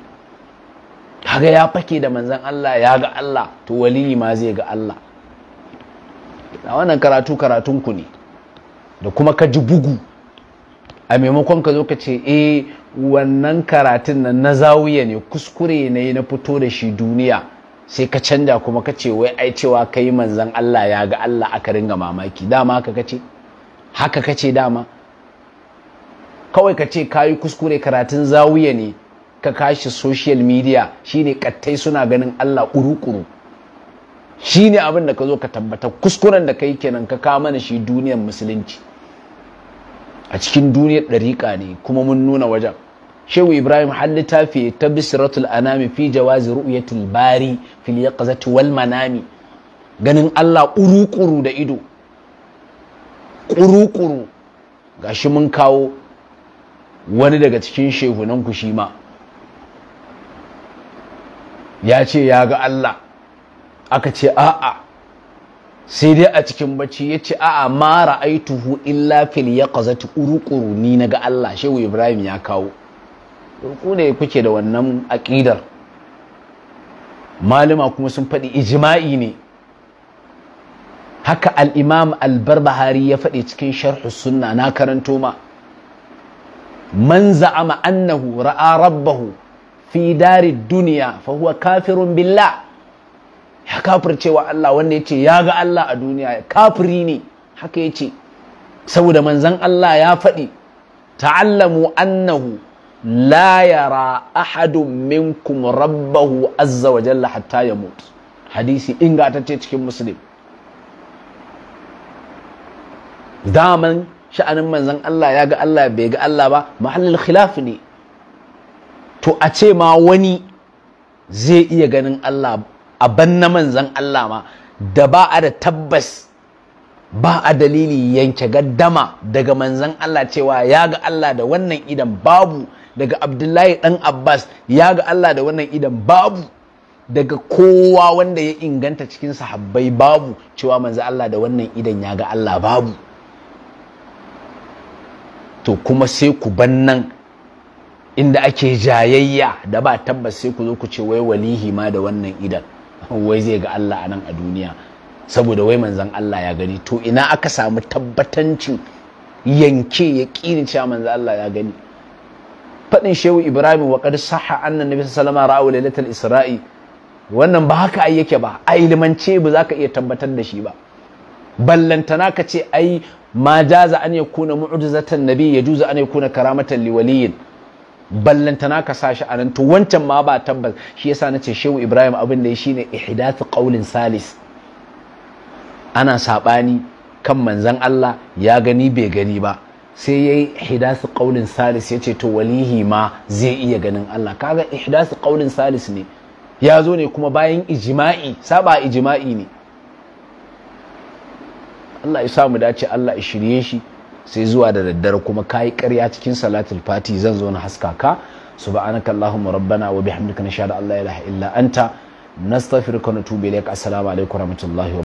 kaga ya fake da manzon Allah ya ga Allah to waliyi ma zai ga Allah a wannan karatu karatun ku ne da kuma ka ji bugu a maimakon ka zo ka ce eh wannan karatun nan na zawiya ne kuskure ne na fito da shi duniya sai ka canja kuma ka ce wai ai cewa kai manzon Allah ya ga Allah aka ringa mamaki dama haka kace haka kace dama kawai ka ce kayi kuskure karatun zawiya ne ka kashi social media shine kattai suna ganin Allah kurukuru shine abin da ka zo ka tabbata kuskuren da kai kenan ka kawo mana shi duniyar musulunci a cikin duniyar ɗariƙa ne kuma mun nuna wajen shehu ibrahim har littafi ta bisiratul anami fi jawazi ru'yatul bari fil yaqzati wal manami ganin Allah urukuru da ido kurukuru gashi mun kawo wani daga cikin shehu ku shi ma ya ce ya ga Allah aka ce a'a sai dai a cikin bacci ya ce a'a ma ra'aituhu illa fil yaqzati urukuru ni na Allah shehu ibrahim ya kawo ku ne kuke da wannan aƙidar malama kuma sun faɗi ijima'i ne haka al al'imam albarbahari ya faɗi cikin sharhu sunna na karanto ma man za'ama annahu ra'a rabbahu fi dari duniya fa huwa kafirun billah ya kafircewa Allah wanda yace ya ga Allah a duniya kafiri ne haka yace saboda manzon Allah ya faɗi ta'allamu annahu la yara ahadun minkum rabbahu azza wa jalla hatta ya mutu hadisi ce cikin muslim daman sha'anin manzan Allah ya ga Allah bai ga Allah ba mahallin khilaf ne to a ce ma wani zai iya ganin Allah a banna manzan Allah ma da ba a da tabbas ba a dalili yanke gaddama daga manzan Allah cewa ya ga Allah da wannan idan babu daga abdullahi dan abbas ya ga allah da wannan idan babu daga kowa wanda ya inganta cikin sahabbai babu cewa manzo allah da wannan idan ya ga allah babu to kuma sai ku ban nan inda ake jayayya da ba tabbas sai ku zo ku ce wai walihi ma da wannan idan wai zai ga Allah a nan a duniya saboda wai manzan Allah ya gani to ina aka samu tabbatancin yanke ya ƙini cewa manzan Allah ya gani Fadin shehu ibrahim wa qad sahha anna alaihi wasallam ra'a lailatul isra'i wannan ba haka ai yake ba a ilimance ba za ka iya tabbatar da shi ba ballantana ka ce ai ma jaza an yakuna mu'jizatan nabiy yajuzu an yakuna karamatan liwaliyin ballantana ka sashi a nan to wancan ma ba tabbas shi yasa nace shehu ibrahim abin da shine ihdathu qaulin salis ana sabani kan manzon Allah ya gani bai gani ba sai ya yayi ihdasu qaulin salis ya ce to walihi ma zai iya ganin Allah kaga ihdasu kaunin salis ne ya zo ne kuma bayan ijima'i saba ijima'i ne Allah ya samu dace Allah ya shirye shi sai zuwa da daddare kuma kayi karya cikin salatul fati zan zo na haska ka subhanaka allahumma rabbana wa bihamdika nashhadu an la ilaha illa anta nastaghfiruka wa natubu ilaik assalamu alaikum warahmatullahi